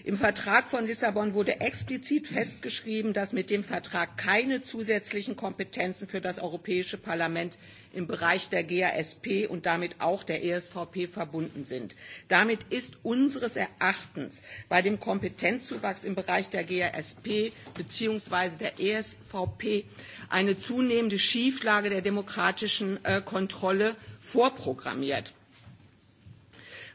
Im Vertrag von Lissabon wurde explizit festgeschrieben, dass mit dem Vertrag keine zusätzlichen Kompetenzen für das Europäische Parlament im Bereich der GASP und damit auch der ESVP verbunden sind. Damit ist unseres Erachtens bei dem Kompetenzzuwachs im Bereich der GASP bzw. der ESVP eine zunehmende Schieflage der demokratischen äh, Kontrolle vorprogrammiert.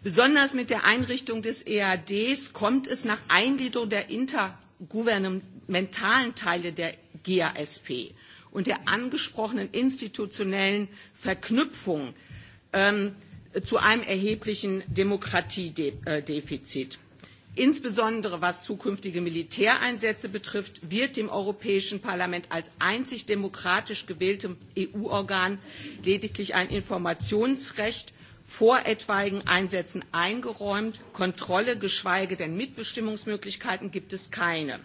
Besonders mit der Einrichtung des EADs kommt es nach Eingliederung der intergouvernementalen Teile der GASP und der angesprochenen institutionellen Verknüpfung ähm, zu einem erheblichen Demokratiedefizit. Insbesondere was zukünftige Militäreinsätze betrifft, wird dem Europäischen Parlament als einzig demokratisch gewähltem EU-Organ lediglich ein Informationsrecht vor etwaigen Einsätzen eingeräumt. Kontrolle, geschweige denn Mitbestimmungsmöglichkeiten gibt es keine.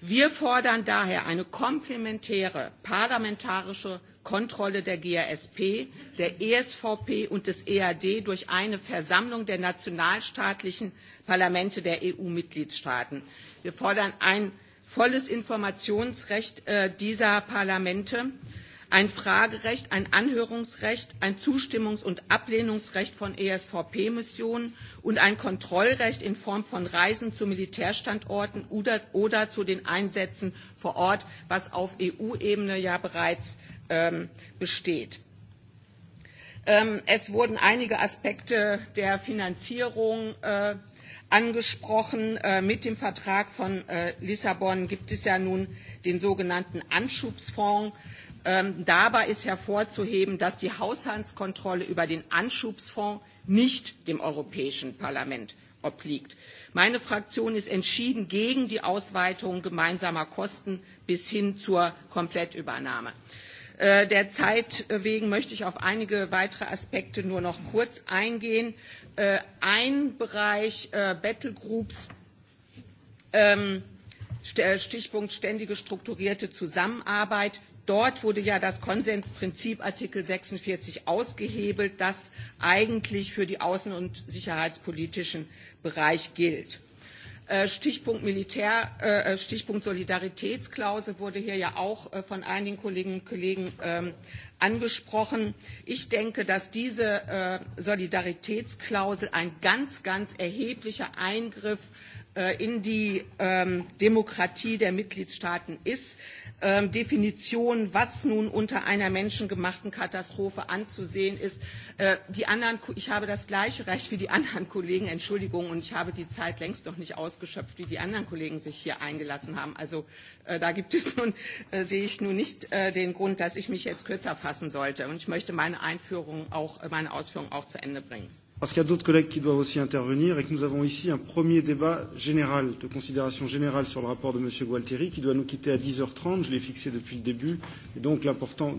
Wir fordern daher eine komplementäre parlamentarische Kontrolle der GASP, der ESVP und des EAD durch eine Versammlung der nationalstaatlichen Parlamente der EU-Mitgliedstaaten. Wir fordern ein volles Informationsrecht äh, dieser Parlamente ein Fragerecht, ein Anhörungsrecht, ein Zustimmungs- und Ablehnungsrecht von ESVP-Missionen und ein Kontrollrecht in Form von Reisen zu Militärstandorten oder, oder zu den Einsätzen vor Ort, was auf EU-Ebene ja bereits ähm, besteht. Ähm, es wurden einige Aspekte der Finanzierung äh, angesprochen. Äh, mit dem Vertrag von äh, Lissabon gibt es ja nun den sogenannten Anschubsfonds. Ähm, dabei ist hervorzuheben, dass die Haushaltskontrolle über den Anschubsfonds nicht dem Europäischen Parlament obliegt. Meine Fraktion ist entschieden gegen die Ausweitung gemeinsamer Kosten bis hin zur Komplettübernahme. Äh, der Zeit wegen möchte ich auf einige weitere Aspekte nur noch kurz eingehen. Äh, ein Bereich äh, Battlegroups ähm, äh, Stichpunkt ständige strukturierte Zusammenarbeit. Dort wurde ja das Konsensprinzip Artikel 46 ausgehebelt, das eigentlich für die außen- und sicherheitspolitischen Bereich gilt. Äh, Stichpunkt Militär, äh, äh, Stichpunkt Solidaritätsklausel wurde hier ja auch von einigen Kolleginnen und Kollegen ähm, angesprochen. Ich denke, dass diese Solidaritätsklausel ein ganz, ganz erheblicher Eingriff äh, in die ähm, Demokratie der Mitgliedstaaten ist, ähm, Definition, was nun unter einer menschengemachten Katastrophe anzusehen ist. Äh, die anderen, ich habe das gleiche Recht wie die anderen Kollegen, Entschuldigung, und ich habe die Zeit längst noch nicht ausgeschöpft, wie die anderen Kollegen sich hier eingelassen haben. Also äh, da gibt es nun, äh, sehe ich nun nicht äh, den Grund, dass ich mich jetzt kürzer fassen sollte. Und ich möchte meine Einführung auch, äh, meine Ausführungen auch zu Ende bringen parce qu'il y a d'autres collègues qui doivent aussi intervenir et que nous avons ici un premier débat général, de considération générale sur le rapport de M. Gualtieri, qui doit nous quitter à 10h30. Je l'ai fixé depuis le début. Et donc, l'important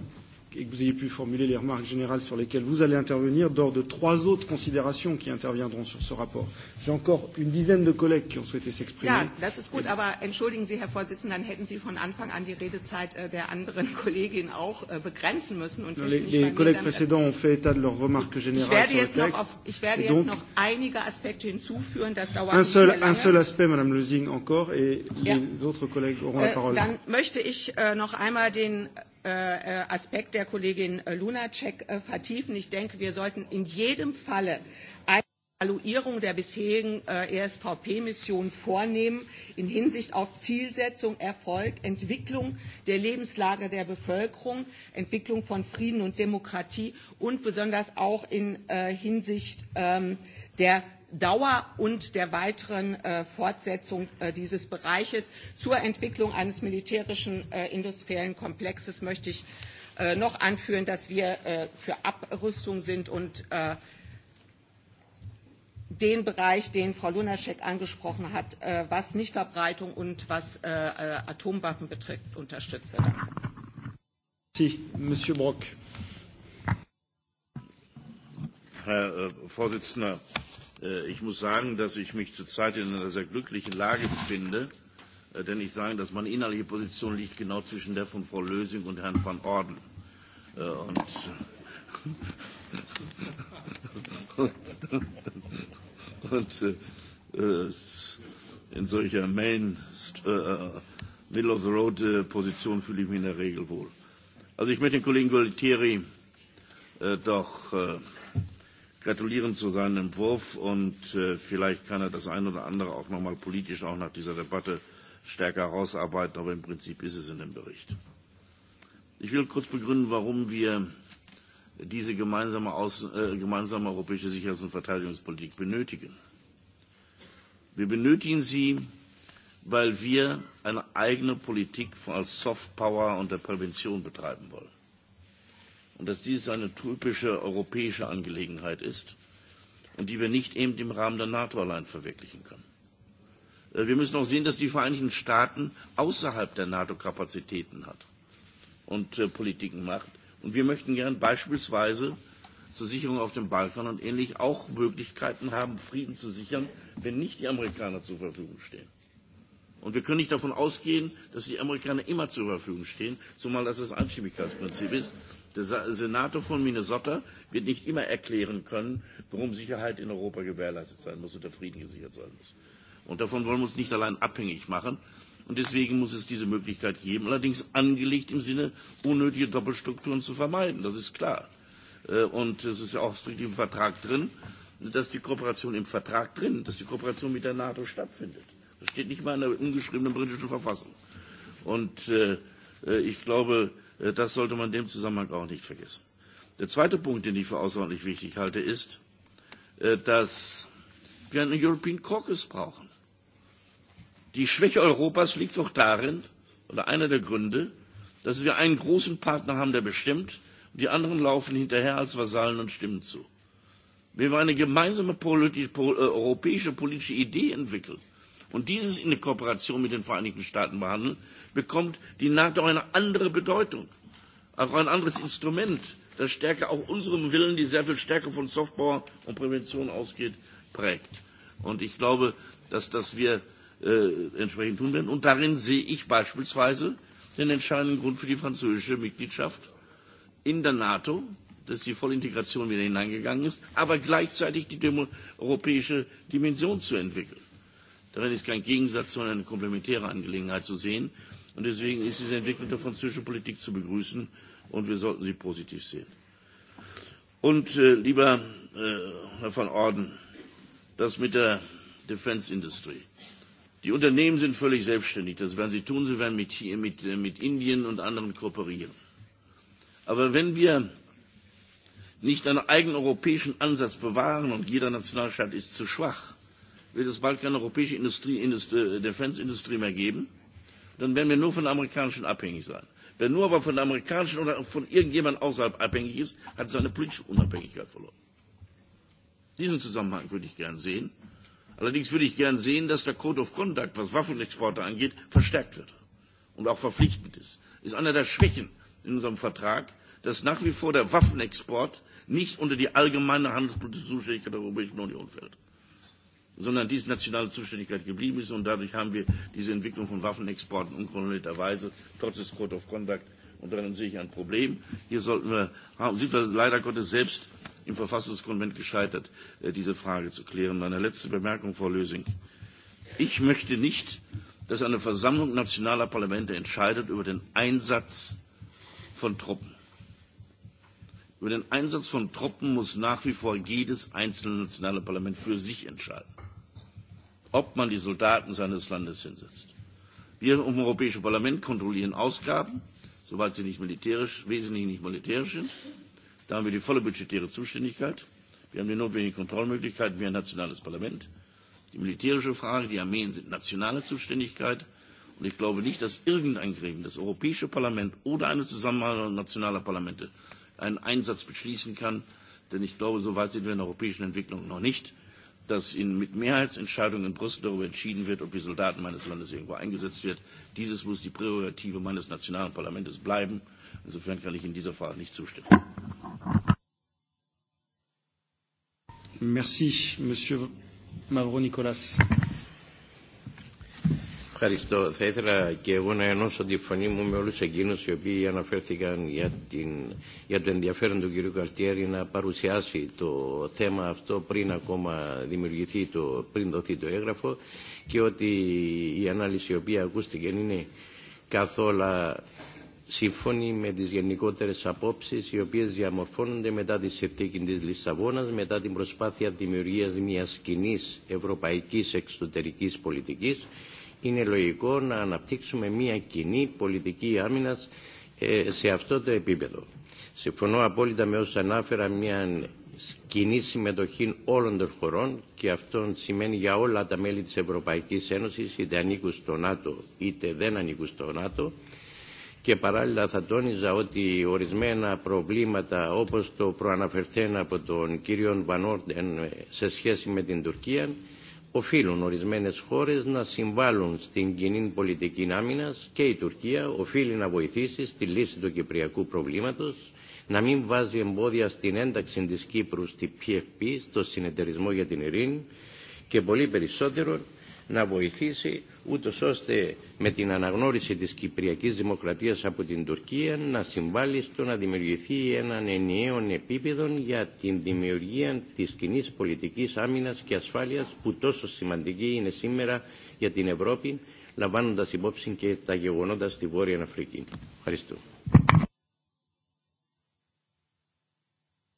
et que vous ayez pu formuler les remarques générales sur lesquelles vous allez intervenir, d'ordre de trois autres considérations qui interviendront sur ce rapport. J'ai encore une dizaine de collègues qui ont souhaité s'exprimer. Ja, das ist gut, et... aber entschuldigen Sie, Herr Vorsitzender, dann hätten Sie von Anfang an die Redezeit äh, der anderen Kollegin auch äh, begrenzen müssen. Und les nicht les collègues äh, précédents ont fait état de leurs remarques générales sur le texte. Noch auf, ich werde donc, jetzt noch einige Aspekte hinzufügen, das dauert un seul, nicht mehr lange. Un seul aspect, Madame Lösing, encore, et ja. les autres collègues auront äh, la parole. Dann möchte ich äh, noch einmal den Äh, äh, Aspekt der Kollegin Lunacek äh, vertiefen. Ich denke, wir sollten in jedem Falle ein Evaluierung der bisherigen äh, ESVP-Mission vornehmen in Hinsicht auf Zielsetzung, Erfolg, Entwicklung der Lebenslage der Bevölkerung, Entwicklung von Frieden und Demokratie und besonders auch in äh, Hinsicht ähm, der Dauer und der weiteren äh, Fortsetzung äh, dieses Bereiches. Zur Entwicklung eines militärischen äh, industriellen Komplexes möchte ich äh, noch anführen, dass wir äh, für Abrüstung sind und äh, den Bereich, den Frau Lunaschek angesprochen hat, äh, was Nichtverbreitung und was äh, äh Atomwaffen betrifft, unterstütze. Danke. Sie, Monsieur Brock. Herr äh, Vorsitzender, äh, Äh, ich muss sagen, dass ich mich zurzeit in einer sehr glücklichen Lage befinde, äh, denn ich sage, dass meine inhaltliche Position liegt genau zwischen der von Frau Lösing und Herrn van Orden. Äh, und, und, und äh, in solcher Main äh, Middle of the Road äh, Position fühle ich mich in der Regel wohl. Also ich möchte den Kollegen Gualtieri äh, doch äh, gratulieren zu seinem Entwurf und äh, vielleicht kann er das eine oder andere auch nochmal politisch auch nach dieser Debatte stärker herausarbeiten, aber im Prinzip ist es in dem Bericht. Ich will kurz begründen, warum wir diese gemeinsame, Außen, äh, gemeinsame europäische Sicherheits- und Verteidigungspolitik benötigen. Wir benötigen sie, weil wir eine eigene Politik als Soft Power und der Prävention betreiben wollen und dass dies eine typische europäische Angelegenheit ist und die wir nicht eben im Rahmen der NATO allein verwirklichen können. Äh, wir müssen auch sehen, dass die Vereinigten Staaten außerhalb der NATO Kapazitäten hat und äh, Politiken macht. Und wir möchten gern beispielsweise zur Sicherung auf dem Balkan und ähnlich auch Möglichkeiten haben, Frieden zu sichern, wenn nicht die Amerikaner zur Verfügung stehen. Und wir können nicht davon ausgehen, dass die Amerikaner immer zur Verfügung stehen, zumal das das Einstimmigkeitsprinzip ist. Der Senator von Minnesota wird nicht immer erklären können, warum Sicherheit in Europa gewährleistet sein muss und der Frieden gesichert sein muss. Und davon wollen wir uns nicht allein abhängig machen. Und deswegen muss es diese Möglichkeit geben, allerdings angelegt im Sinne, unnötige Doppelstrukturen zu vermeiden. Das ist klar. Äh, und es ist ja auch strikt im Vertrag drin, dass die Kooperation im Vertrag drin, dass die Kooperation mit der NATO stattfindet. Das steht nicht mal in der ungeschriebenen britischen Verfassung. Und äh, äh ich glaube, äh, das sollte man in dem Zusammenhang auch nicht vergessen. Der zweite Punkt, den ich für außerordentlich wichtig halte, ist, äh, dass wir einen European Caucus brauchen. Die Schwäche Europas liegt doch darin, oder einer der Gründe, dass wir einen großen Partner haben, der bestimmt, und die anderen laufen hinterher als Vasallen und stimmen zu. Wenn wir eine gemeinsame politi po, äh, europäische politische Idee entwickeln, und dieses in der Kooperation mit den Vereinigten Staaten behandelt, bekommt die NATO eine andere Bedeutung, auch ein anderes Instrument, das stärker auch unserem Willen, die sehr viel stärker von Softpower und Prävention ausgeht, prägt. Und ich glaube, dass das wir äh, entsprechend tun werden. Und darin sehe ich beispielsweise den entscheidenden Grund für die französische Mitgliedschaft in der NATO, dass die Vollintegration wieder hineingegangen ist, aber gleichzeitig die europäische Dimension zu entwickeln darin ist kein Gegensatz, sondern eine komplementäre Angelegenheit zu sehen. Und deswegen ist diese Entwicklung der französischen Politik zu begrüßen und wir sollten sie positiv sehen. Und äh, lieber äh, Herr van Orden, das mit der Defense Industry. Die Unternehmen sind völlig selbstständig. Das werden sie tun. Sie werden mit, mit, äh, mit Indien und anderen kooperieren. Aber wenn wir nicht einen eigenen europäischen Ansatz bewahren und jeder Nationalstaat ist zu schwach, wird es bald keine europäische Industrie, Industrie, äh, Defense-Industrie mehr geben. Dann werden wir nur von den Amerikanischen abhängig sein. Wer nur aber von den Amerikanischen oder von irgendjemand außerhalb abhängig ist, hat seine politische Unabhängigkeit verloren. Diesen Zusammenhang würde ich gern sehen. Allerdings würde ich gern sehen, dass der Code of Conduct, was Waffenexporte angeht, verstärkt wird und auch verpflichtend ist. Ist einer der Schwächen in unserem Vertrag, dass nach wie vor der Waffenexport nicht unter die allgemeine handelspolitische Zuständigkeit der Europäischen Union fällt sondern dies nationale Zuständigkeit geblieben ist. Und dadurch haben wir diese Entwicklung von Waffenexporten unkontrollierterweise trotz des Code of Conduct. Und darin sehe ich ein Problem. Hier sollten wir, ah, sind wir leider Gottes selbst im Verfassungskonvent gescheitert, äh, diese Frage zu klären. Meine letzte Bemerkung, Frau Lösing. Ich möchte nicht, dass eine Versammlung nationaler Parlamente entscheidet über den Einsatz von Truppen. Über den Einsatz von Truppen muss nach wie vor jedes einzelne nationale Parlament für sich entscheiden, ob man die Soldaten seines Landes hinsetzt. Wir im Europäischen Parlament kontrollieren Ausgaben, soweit sie nicht militärisch, wesentlich nicht militärisch sind. Da haben wir die volle budgetäre Zuständigkeit. Wir haben die notwendigen Kontrollmöglichkeiten wie ein nationales Parlament. Die militärische Frage, die Armeen sind nationale Zuständigkeit. Und ich glaube nicht, dass irgendein Gremium, das Europäische Parlament oder eine Zusammenarbeit nationaler Parlamente einen Einsatz beschließen kann. Denn ich glaube, so weit sind wir in der europäischen Entwicklung noch nicht, dass in, mit Mehrheitsentscheidungen in Brüssel darüber entschieden wird, ob die Soldaten meines Landes irgendwo eingesetzt wird. Dieses muss die Prärogative meines nationalen Parlaments bleiben. Insofern kann ich in dieser Frage nicht zustimmen. Merci, Monsieur Mavro Nicolas. Ευχαριστώ. Θα ήθελα και εγώ να ενώσω τη φωνή μου με όλους εκείνους οι οποίοι αναφέρθηκαν για, την, για το ενδιαφέρον του κ. Καρτιέρη να παρουσιάσει το θέμα αυτό πριν ακόμα δημιουργηθεί, το, πριν δοθεί το έγγραφο και ότι η ανάλυση η οποία ακούστηκε είναι καθόλου σύμφωνοι με τις γενικότερες απόψεις οι οποίες διαμορφώνονται μετά τη συνθήκη της Λισαβόνας, μετά την προσπάθεια δημιουργίας μιας κοινής ευρωπαϊκής εξωτερικής πολιτικής είναι λογικό να αναπτύξουμε μια κοινή πολιτική άμυνας σε αυτό το επίπεδο. Συμφωνώ απόλυτα με όσους ανάφερα μια κοινή συμμετοχή όλων των χωρών και αυτό σημαίνει για όλα τα μέλη της Ευρωπαϊκής Ένωσης είτε ανήκουν στο ΝΑΤΟ είτε δεν ανήκουν στο ΝΑΤΟ και παράλληλα θα τόνιζα ότι ορισμένα προβλήματα όπως το προαναφερθέν από τον κύριο Βανόρντεν σε σχέση με την Τουρκία οφείλουν ορισμένες χώρες να συμβάλλουν στην κοινή πολιτική άμυνας και η Τουρκία οφείλει να βοηθήσει στη λύση του κυπριακού προβλήματος, να μην βάζει εμπόδια στην ένταξη της Κύπρου στη PFP, στο Συνεταιρισμό για την Ειρήνη και πολύ περισσότερο να βοηθήσει ούτως ώστε με την αναγνώριση της Κυπριακής Δημοκρατίας από την Τουρκία να συμβάλλει στο να δημιουργηθεί έναν ενιαίο επίπεδο για την δημιουργία της κοινή πολιτικής άμυνας και ασφάλειας που τόσο σημαντική είναι σήμερα για την Ευρώπη λαμβάνοντας υπόψη και τα γεγονότα στη Βόρεια Αφρική. Ευχαριστώ.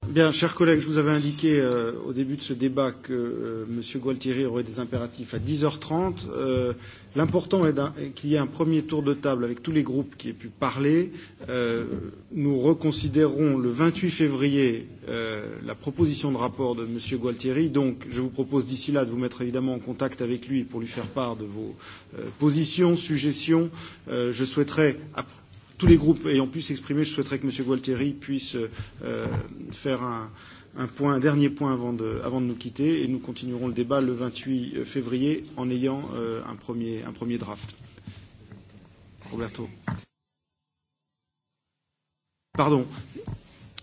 Bien, chers collègues, je vous avais indiqué euh, au début de ce débat que euh, M. Gualtieri aurait des impératifs à 10h30. Euh, L'important est, est qu'il y ait un premier tour de table avec tous les groupes qui aient pu parler. Euh, nous reconsidérons le 28 février euh, la proposition de rapport de M. Gualtieri. Donc, je vous propose d'ici là de vous mettre évidemment en contact avec lui pour lui faire part de vos euh, positions, suggestions. Euh, je souhaiterais, après tous les groupes ayant pu s'exprimer, je souhaiterais que M. Gualtieri puisse euh, euh, faire un, un, point, un dernier point avant de, avant de nous quitter et nous continuerons le débat le 28 euh, février en ayant euh, un, premier, un premier draft. Roberto. Pardon.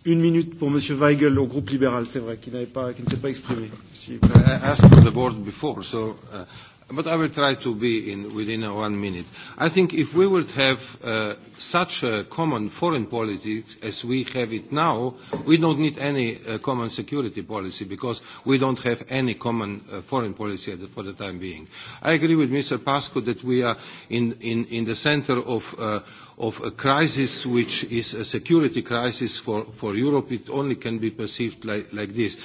Une minute pour Monsieur Weigel au groupe libéral, c'est vrai, qui, pas, qui ne s'est pas exprimé. Si... I asked for the board before, so uh, But I will try to be in within a one minute. I think if we would have uh, such a common foreign policy as we have it now, we don't need any uh, common security policy because we don't have any common uh, foreign policy at the, for the time being. I agree with Mr. Pasco that we are in, in, in the center of, uh, of a crisis which is a security crisis for, for Europe. It only can be perceived like, like this.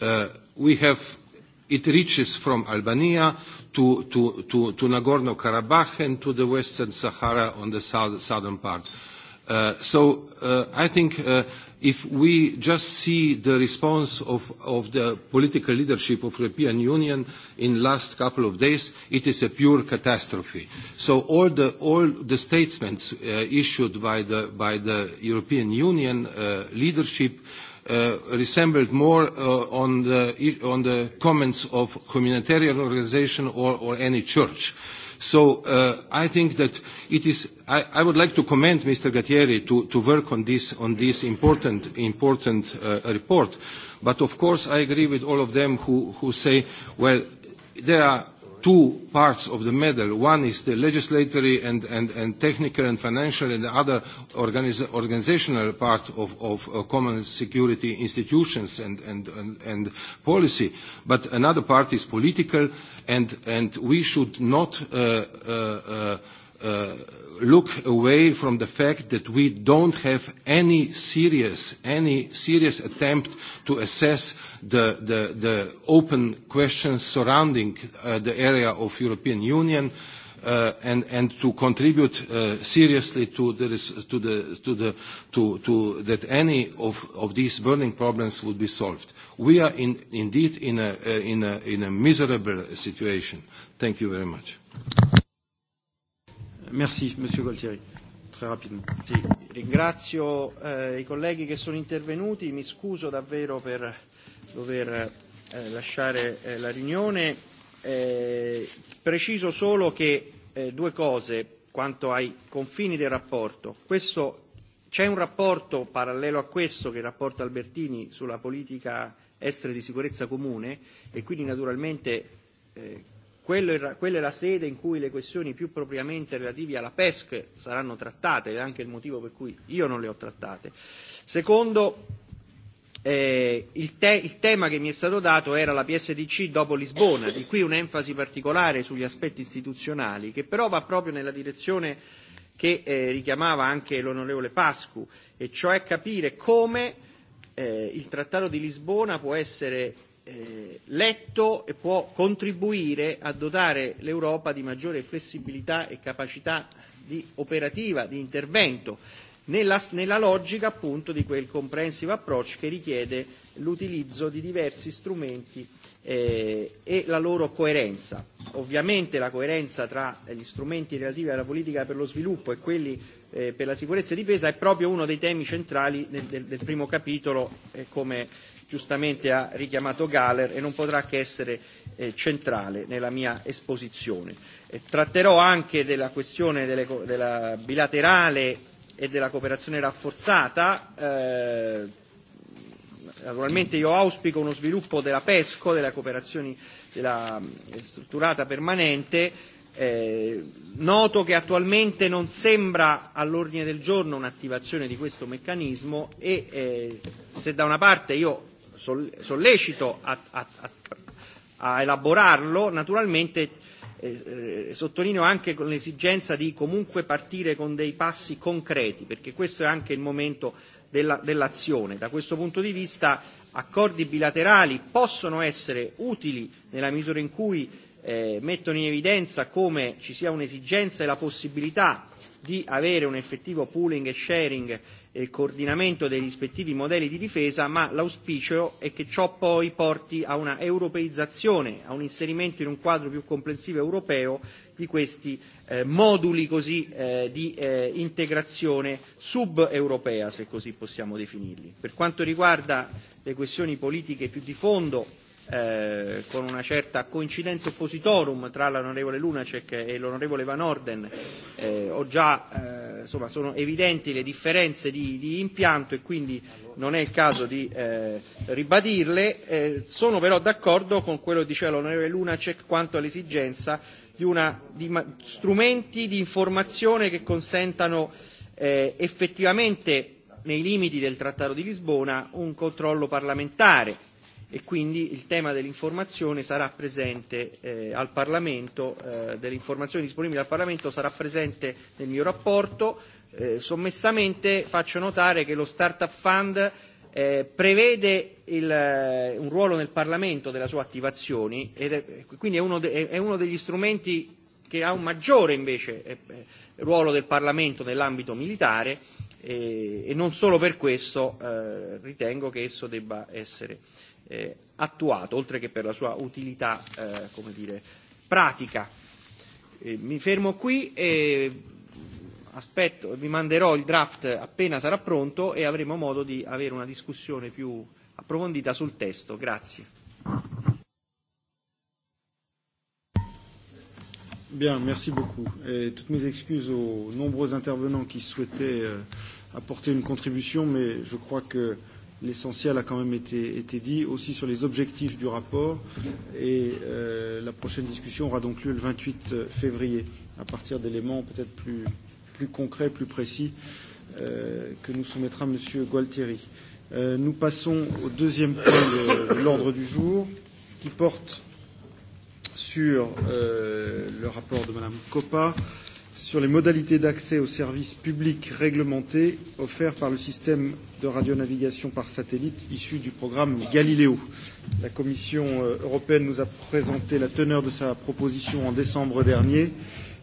Uh, we have it reaches from Albania to, to, to, to Nagorno-Karabakh and to the Western Sahara on the south, southern part. Uh, so uh, I think uh, if we just see the response of, of the political leadership of European Union in last couple of days, it is a pure catastrophe. So all the, all the statements uh, issued by the, by the European Union uh, leadership uh, uh, resembled more uh, on, the, on the comments of humanitarian organization or, or any church. So uh, I think that it is, I, I would like to commend Mr. Gattieri to, to work on this, on this important, important uh, report. But of course I agree with all of them who, who say, well, there are two parts of the medal. One is the legislatory and, and, and technical and financial and the other organiz organizational part of, of uh, common security institutions and, and, and, and policy. But another part is political and, and we should not uh, uh, uh, uh, look away from the fact that we don't have any serious, any serious attempt to assess the, the, the open questions surrounding uh, the area of European Union uh, and, and to contribute uh, seriously to, the, to, the, to, the, to, to that any of, of these burning problems would be solved. We are in, indeed in a, uh, in, a, in a miserable situation. Thank you very much. Thank you. Merci, Monsieur Gualtieri. Très rapidement. Sì, ringrazio eh, i colleghi che sono intervenuti, mi scuso davvero per dover eh, lasciare eh, la riunione. Eh, preciso solo che eh, due cose quanto ai confini del rapporto. Questo, c'è un rapporto parallelo a questo, che è il rapporto Albertini sulla politica estera e di sicurezza comune e quindi naturalmente eh, Quello era, quella è la sede in cui le questioni più propriamente relative alla PESC saranno trattate, è anche il motivo per cui io non le ho trattate. Secondo, eh, il, te, il tema che mi è stato dato era la PSDC dopo Lisbona, di qui un'enfasi particolare sugli aspetti istituzionali, che però va proprio nella direzione che eh, richiamava anche l'onorevole Pascu, e cioè capire come eh, il Trattato di Lisbona può essere eh, letto e può contribuire a dotare l'Europa di maggiore flessibilità e capacità di operativa, di intervento, nella, nella logica appunto di quel comprehensive approach che richiede l'utilizzo di diversi strumenti eh, e la loro coerenza. Ovviamente la coerenza tra gli strumenti relativi alla politica per lo sviluppo e quelli eh, per la sicurezza e difesa è proprio uno dei temi centrali del, del, del primo capitolo, eh, come giustamente ha richiamato Galer e non potrà che essere eh, centrale nella mia esposizione. E tratterò anche della questione delle, della bilaterale e della cooperazione rafforzata. Eh, naturalmente io auspico uno sviluppo della PESCO, della cooperazione eh, della, strutturata permanente, Eh, noto che attualmente non sembra all'ordine del giorno un'attivazione di questo meccanismo e eh, se da una parte io sollecito a, a, a, a elaborarlo, naturalmente eh, eh, sottolineo anche con l'esigenza di comunque partire con dei passi concreti, perché questo è anche il momento della, dell'azione. Da questo punto di vista accordi bilaterali possono essere utili nella misura in cui eh, mettono in evidenza come ci sia un'esigenza e la possibilità di avere un effettivo pooling e sharing e coordinamento dei rispettivi modelli di difesa, ma l'auspicio è che ciò poi porti a una europeizzazione, a un inserimento in un quadro più comprensivo europeo di questi eh, moduli così, eh, di eh, integrazione subeuropea, se così possiamo definirli. Per quanto riguarda le questioni politiche più di fondo, eh, con una certa coincidenza oppositorum tra l'onorevole Lunacek e l'onorevole Van Orden, eh, ho già, eh, insomma, sono evidenti le differenze di, di impianto e quindi non è il caso di eh, ribadirle. Eh, sono però d'accordo con quello che diceva l'onorevole Lunacek quanto all'esigenza di, una, di ma- strumenti di informazione che consentano eh, effettivamente nei limiti del Trattato di Lisbona un controllo parlamentare e quindi il tema dell'informazione sarà presente eh, al Parlamento, eh, delle informazioni disponibili al Parlamento sarà presente nel mio rapporto. Eh, sommessamente faccio notare che lo Startup Fund eh, prevede il, eh, un ruolo nel Parlamento della sua attivazione ed è, eh, quindi è uno, de, è uno degli strumenti che ha un maggiore invece eh, eh, ruolo del Parlamento nell'ambito militare eh, e non solo per questo eh, ritengo che esso debba essere eh, attuato, oltre che per la sua utilità eh, come dire, pratica. Eh, mi fermo qui e aspetto, vi manderò il draft appena sarà pronto e avremo modo di avere una discussione più approfondita sul testo. Grazie. Bien, merci beaucoup. Et toutes mes excuses aux nombreux intervenants qui souhaitaient euh, apporter une contribution, mais je crois que euh, l'essentiel a quand même été, été dit, aussi sur les objectifs du rapport. Et euh, la prochaine discussion aura donc lieu le 28 euh, février, à partir d'éléments peut-être plus, plus concrets, plus précis, euh, que nous soumettra M. Gualtieri. Euh, nous passons au deuxième point de, de l'ordre du jour, qui porte sur euh, le rapport de Mme Coppa. Euh, sur les modalités d'accès aux services publics réglementés offerts par le système de radionavigation par satellite issu du programme Galileo. La Commission euh, européenne nous a présenté la teneur de sa proposition en décembre dernier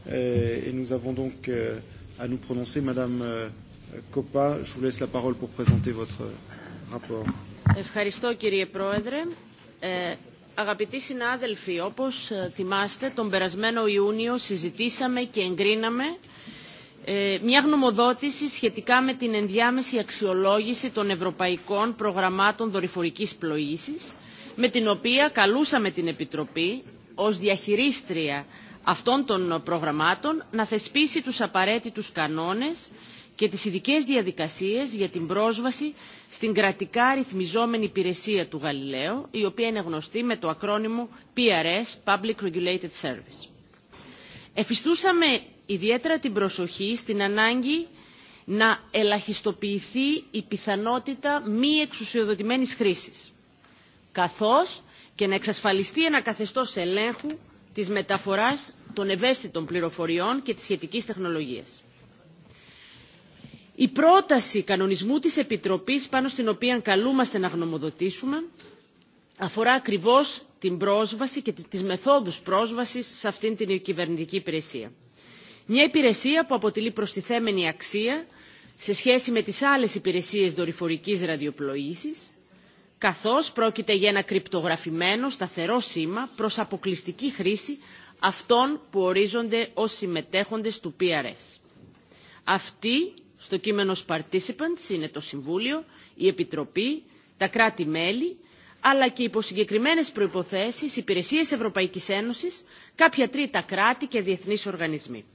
euh, et nous avons donc euh, à nous prononcer. Madame Coppa, je vous laisse la parole pour présenter votre rapport. Merci, Monsieur le Président. Αγαπητοί συνάδελφοι, όπως θυμάστε, τον περασμένο Ιούνιο συζητήσαμε και εγκρίναμε μια γνωμοδότηση σχετικά με την ενδιάμεση αξιολόγηση των ευρωπαϊκών προγραμμάτων δορυφορικής πλοήγησης, με την οποία καλούσαμε την Επιτροπή ως διαχειρίστρια αυτών των προγραμμάτων να θεσπίσει τους απαραίτητους κανόνες και τις ειδικέ διαδικασίες για την πρόσβαση στην κρατικά ρυθμιζόμενη υπηρεσία του Γαλιλαίου, η οποία είναι γνωστή με το ακρόνιμο PRS, Public Regulated Service. Εφιστούσαμε ιδιαίτερα την προσοχή στην ανάγκη να ελαχιστοποιηθεί η πιθανότητα μη εξουσιοδοτημένης χρήσης, καθώς και να εξασφαλιστεί ένα καθεστώς ελέγχου της μεταφοράς των ευαίσθητων πληροφοριών και της σχετικής τεχνολογίας η πρόταση κανονισμού της Επιτροπής πάνω στην οποία καλούμαστε να γνωμοδοτήσουμε αφορά ακριβώς την πρόσβαση και τις μεθόδους πρόσβασης σε αυτήν την κυβερνητική υπηρεσία. Μια υπηρεσία που αποτελεί προστιθέμενη αξία σε σχέση με τις άλλες υπηρεσίες δορυφορικής ραδιοπλοήσης, καθώς πρόκειται για ένα κρυπτογραφημένο σταθερό σήμα προς αποκλειστική χρήση αυτών που ορίζονται ως συμμετέχοντες του PRS. Αυτή στο κείμενο ως participants είναι το Συμβούλιο, η Επιτροπή, τα κράτη-μέλη, αλλά και υπό συγκεκριμένες προϋποθέσεις υπηρεσίες Ευρωπαϊκής Ένωσης, κάποια τρίτα κράτη και διεθνείς οργανισμοί.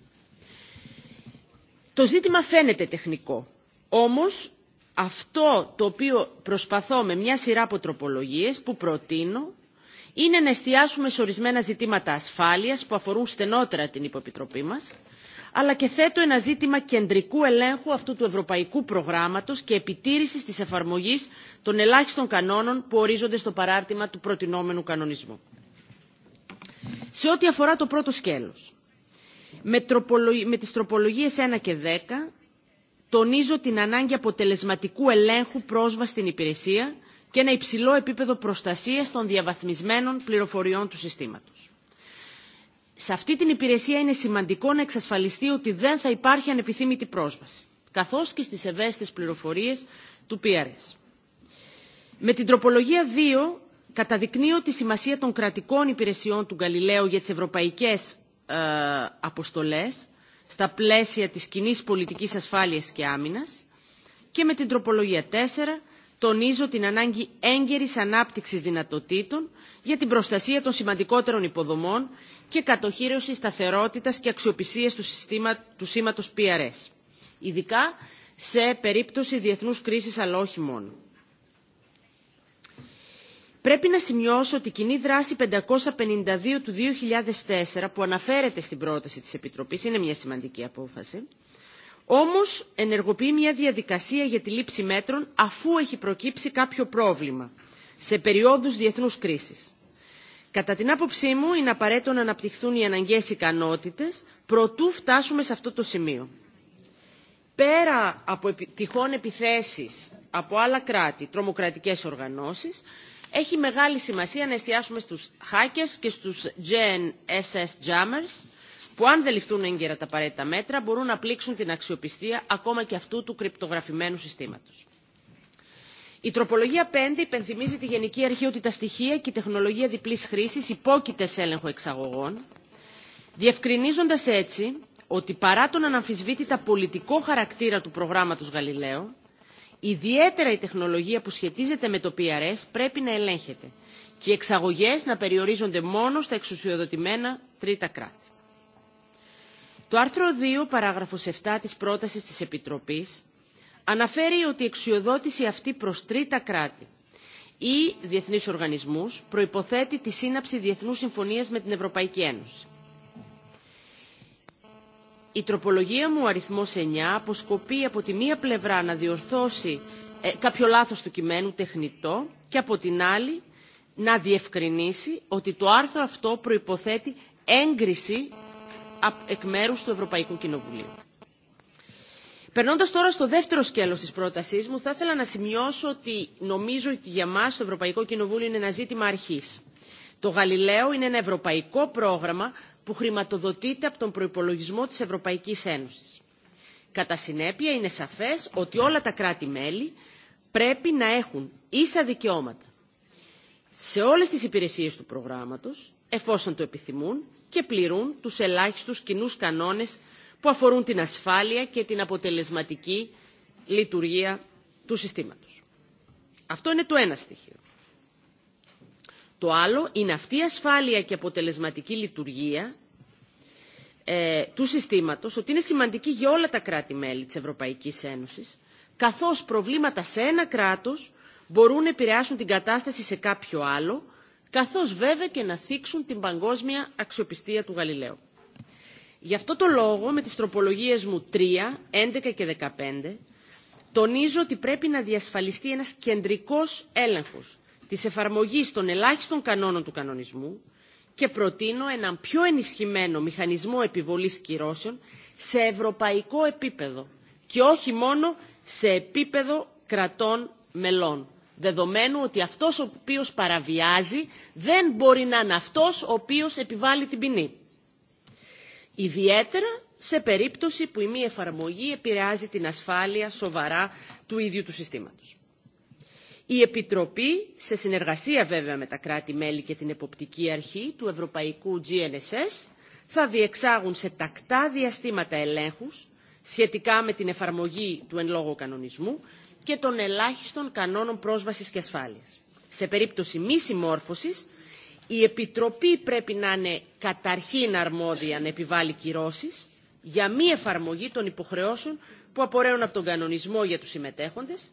Το ζήτημα φαίνεται τεχνικό, όμως αυτό το οποίο προσπαθώ με μια σειρά από τροπολογίες που προτείνω είναι να εστιάσουμε σε ορισμένα ζητήματα ασφάλειας που αφορούν στενότερα την υποπιτροπή μας αλλά και θέτω ένα ζήτημα κεντρικού ελέγχου αυτού του ευρωπαϊκού προγράμματος και επιτήρησης της εφαρμογής των ελάχιστων κανόνων που ορίζονται στο παράρτημα του προτινόμενου κανονισμού. Σε ό,τι αφορά το πρώτο σκέλος, με, τροπολογ... με τις τροπολογίες 1 και 10 τονίζω την ανάγκη αποτελεσματικού ελέγχου πρόσβαση στην υπηρεσία και ένα υψηλό επίπεδο προστασίας των διαβαθμισμένων πληροφοριών του συστήματος σε αυτή την υπηρεσία είναι σημαντικό να εξασφαλιστεί ότι δεν θα υπάρχει ανεπιθύμητη πρόσβαση, καθώς και στις ευαίσθητες πληροφορίες του PRS. Με την τροπολογία 2 καταδεικνύω τη σημασία των κρατικών υπηρεσιών του Γαλιλαίου για τις ευρωπαϊκές ε, αποστολές στα πλαίσια της κοινή πολιτικής ασφάλειας και άμυνας και με την τροπολογία 4 τονίζω την ανάγκη έγκαιρης ανάπτυξης δυνατοτήτων για την προστασία των σημαντικότερων υποδομών και κατοχήρωση σταθερότητας και αξιοπιστίας του, συστήμα, του σήματος PRS, ειδικά σε περίπτωση διεθνούς κρίσης αλλά όχι μόνο. Πρέπει να σημειώσω ότι η κοινή δράση 552 του 2004 που αναφέρεται στην πρόταση της Επιτροπής, είναι μια σημαντική απόφαση, Όμως ενεργοποιεί μια διαδικασία για τη λήψη μέτρων αφού έχει προκύψει κάποιο πρόβλημα σε περιόδους διεθνούς κρίσης. Κατά την άποψή μου είναι απαραίτητο να αναπτυχθούν οι αναγκαίες ικανότητες προτού φτάσουμε σε αυτό το σημείο. Πέρα από τυχόν επιθέσεις από άλλα κράτη, τρομοκρατικές οργανώσεις, έχει μεγάλη σημασία να εστιάσουμε στους hackers και στους GNSS jammers, που αν δεν ληφθούν έγκαιρα τα απαραίτητα μέτρα μπορούν να πλήξουν την αξιοπιστία ακόμα και αυτού του κρυπτογραφημένου συστήματος. Η τροπολογία 5 υπενθυμίζει τη Γενική Αρχή ότι τα στοιχεία και η τεχνολογία διπλής χρήσης υπόκειται σε έλεγχο εξαγωγών, διευκρινίζοντας έτσι ότι παρά τον αναμφισβήτητα πολιτικό χαρακτήρα του προγράμματος Γαλιλαίο, ιδιαίτερα η τεχνολογία που σχετίζεται με το PRS πρέπει να ελέγχεται και οι εξαγωγές να περιορίζονται μόνο στα εξουσιοδοτημένα τρίτα κράτη. Το άρθρο 2, παράγραφος 7 της πρότασης της Επιτροπής αναφέρει ότι η εξουσιοδότηση αυτή προς τρίτα κράτη ή διεθνείς οργανισμούς προϋποθέτει τη σύναψη διεθνούς συμφωνίας με την Ευρωπαϊκή Ένωση. Η τροπολογία μου αριθμός 9 αποσκοπεί από τη μία πλευρά να διορθώσει ε, κάποιο λάθος του κειμένου τεχνητό και από την άλλη να διευκρινίσει ότι το άρθρο αυτό προϋποθέτει έγκριση εκ μέρους του Ευρωπαϊκού Κοινοβουλίου. Περνώντας τώρα στο δεύτερο σκέλος της πρότασής μου, θα ήθελα να σημειώσω ότι νομίζω ότι για μας το Ευρωπαϊκό Κοινοβούλιο είναι ένα ζήτημα αρχής. Το Γαλιλαίο είναι ένα ευρωπαϊκό πρόγραμμα που χρηματοδοτείται από τον προϋπολογισμό της Ευρωπαϊκής Ένωσης. Κατά συνέπεια είναι σαφές ότι όλα τα κράτη-μέλη πρέπει να έχουν ίσα δικαιώματα σε όλες τις υπηρεσίες του προγράμματος, εφόσον το επιθυμούν, και πληρούν τους ελάχιστους κοινούς κανόνες που αφορούν την ασφάλεια και την αποτελεσματική λειτουργία του συστήματος. Αυτό είναι το ένα στοιχείο. Το άλλο είναι αυτή η ασφάλεια και αποτελεσματική λειτουργία ε, του συστήματος, ότι είναι σημαντική για όλα τα κράτη-μέλη της Ευρωπαϊκής Ένωσης, καθώς προβλήματα σε ένα κράτος μπορούν να επηρεάσουν την κατάσταση σε κάποιο άλλο, καθώς βέβαια και να θίξουν την παγκόσμια αξιοπιστία του Γαλιλαίου. Γι' αυτό το λόγο με τις τροπολογίες μου 3, 11 και 15 τονίζω ότι πρέπει να διασφαλιστεί ένας κεντρικός έλεγχος της εφαρμογής των ελάχιστων κανόνων του κανονισμού και προτείνω έναν πιο ενισχυμένο μηχανισμό επιβολής κυρώσεων σε ευρωπαϊκό επίπεδο και όχι μόνο σε επίπεδο κρατών μελών δεδομένου ότι αυτός ο οποίος παραβιάζει δεν μπορεί να είναι αυτός ο οποίος επιβάλλει την ποινή. Ιδιαίτερα σε περίπτωση που η μη εφαρμογή επηρεάζει την ασφάλεια σοβαρά του ίδιου του συστήματος. Η Επιτροπή, σε συνεργασία βέβαια με τα κράτη-μέλη και την εποπτική αρχή του Ευρωπαϊκού GNSS, θα διεξάγουν σε τακτά διαστήματα ελέγχους σχετικά με την εφαρμογή του εν λόγω κανονισμού και των ελάχιστων κανόνων πρόσβασης και ασφάλειας. Σε περίπτωση μη συμμόρφωσης, η Επιτροπή πρέπει να είναι καταρχήν αρμόδια να επιβάλλει κυρώσεις για μη εφαρμογή των υποχρεώσεων που απορρέουν από τον κανονισμό για τους συμμετέχοντες,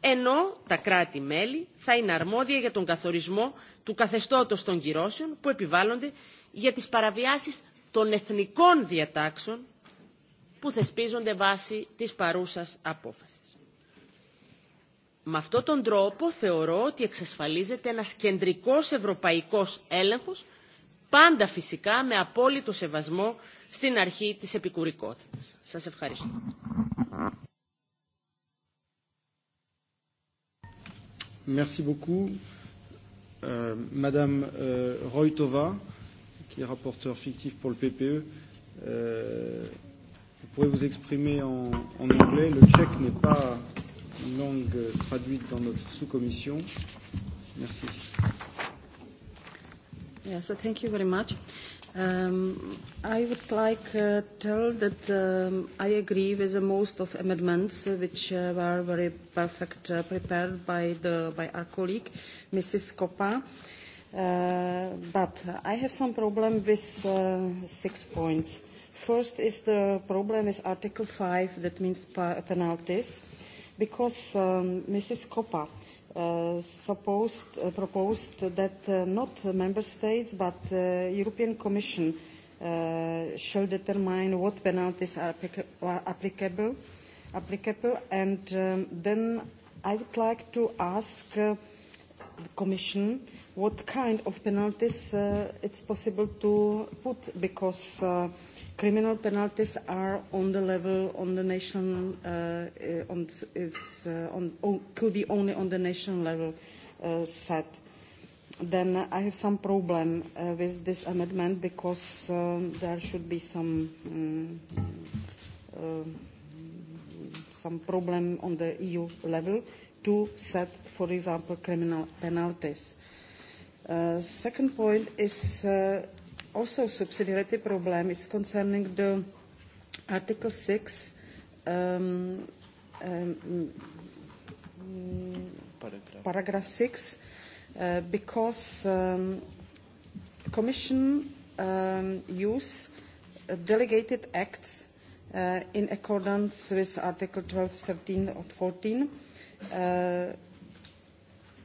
ενώ τα κράτη-μέλη θα είναι αρμόδια για τον καθορισμό του καθεστώτος των κυρώσεων που επιβάλλονται για τις παραβιάσεις των εθνικών διατάξεων που θεσπίζονται βάσει της παρούσας απόφασης. Με αυτόν τον τρόπο θεωρώ ότι εξασφαλίζεται ένας κεντρικός ευρωπαϊκός έλεγχος, πάντα φυσικά με απόλυτο σεβασμό στην αρχή της επικουρικότητας. Σας ευχαριστώ. Merci beaucoup. Euh, Madame euh, Roitova, qui est rapporteure fictive pour le PPE, euh, vous pouvez vous exprimer en, en anglais. Le tchèque n'est pas une langue traduite dans notre sous-commission. Merci. Yeah, so thank you very much. Um, I would like to uh, tell that um, I agree with the most of amendments uh, which uh, were very perfect uh, prepared by, the, by our colleague, Mrs. Koppa. Uh, but I have some problem with uh, six points. First is the problem with Article 5, that means penalties. Uh, because um, Mrs. Koppa uh, supposed, uh, proposed that uh, not member states but uh, European Commission uh, shall determine what penalties are applica applicable, applicable and um, then I would like to ask uh, the Commission what kind of penalties uh, it's possible to put because uh, criminal penalties are on the level on the national uh, uh, on it's uh, on, on could be only on the national level uh, set then I have some problem uh, with this amendment because um, there should be some mm, um, uh, some problem on the EU level uh, to set, for example, criminal penalties. Uh, second point is uh, also a subsidiarity problem. It's concerning the Article 6 um, um, paragraph. paragraph 6 uh, because um, Commission um, use delegated acts uh, in accordance with Article 12, 13 or 14 Uh,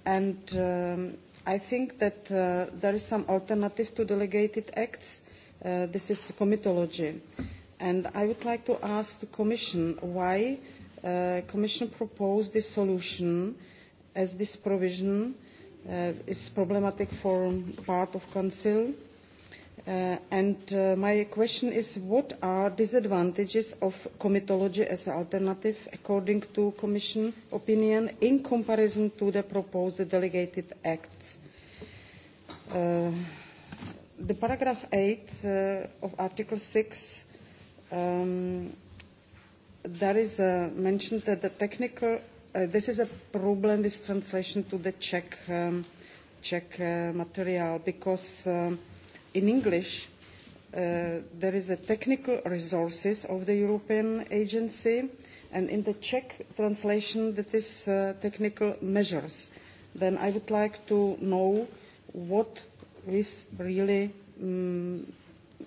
and um, I think that uh, there is some alternative to delegated acts. Uh, this is comitology. And I would like to ask the Commission why uh, Commission proposed this solution as this provision uh, is problematic for part of Council uh, Uh, and uh, my question is, what are disadvantages of comitology as an alternative, according to Commission opinion, in comparison to the proposed delegated acts? Uh, the paragraph 8 uh, of Article 6, um, there is uh, mentioned that the technical, uh, this is a problem with translation to the Czech, um, Czech uh, material, because um, in English, uh, there is a technical resources of the European agency, and in the Czech translation, that is uh, technical measures. Then I would like to know what is really um,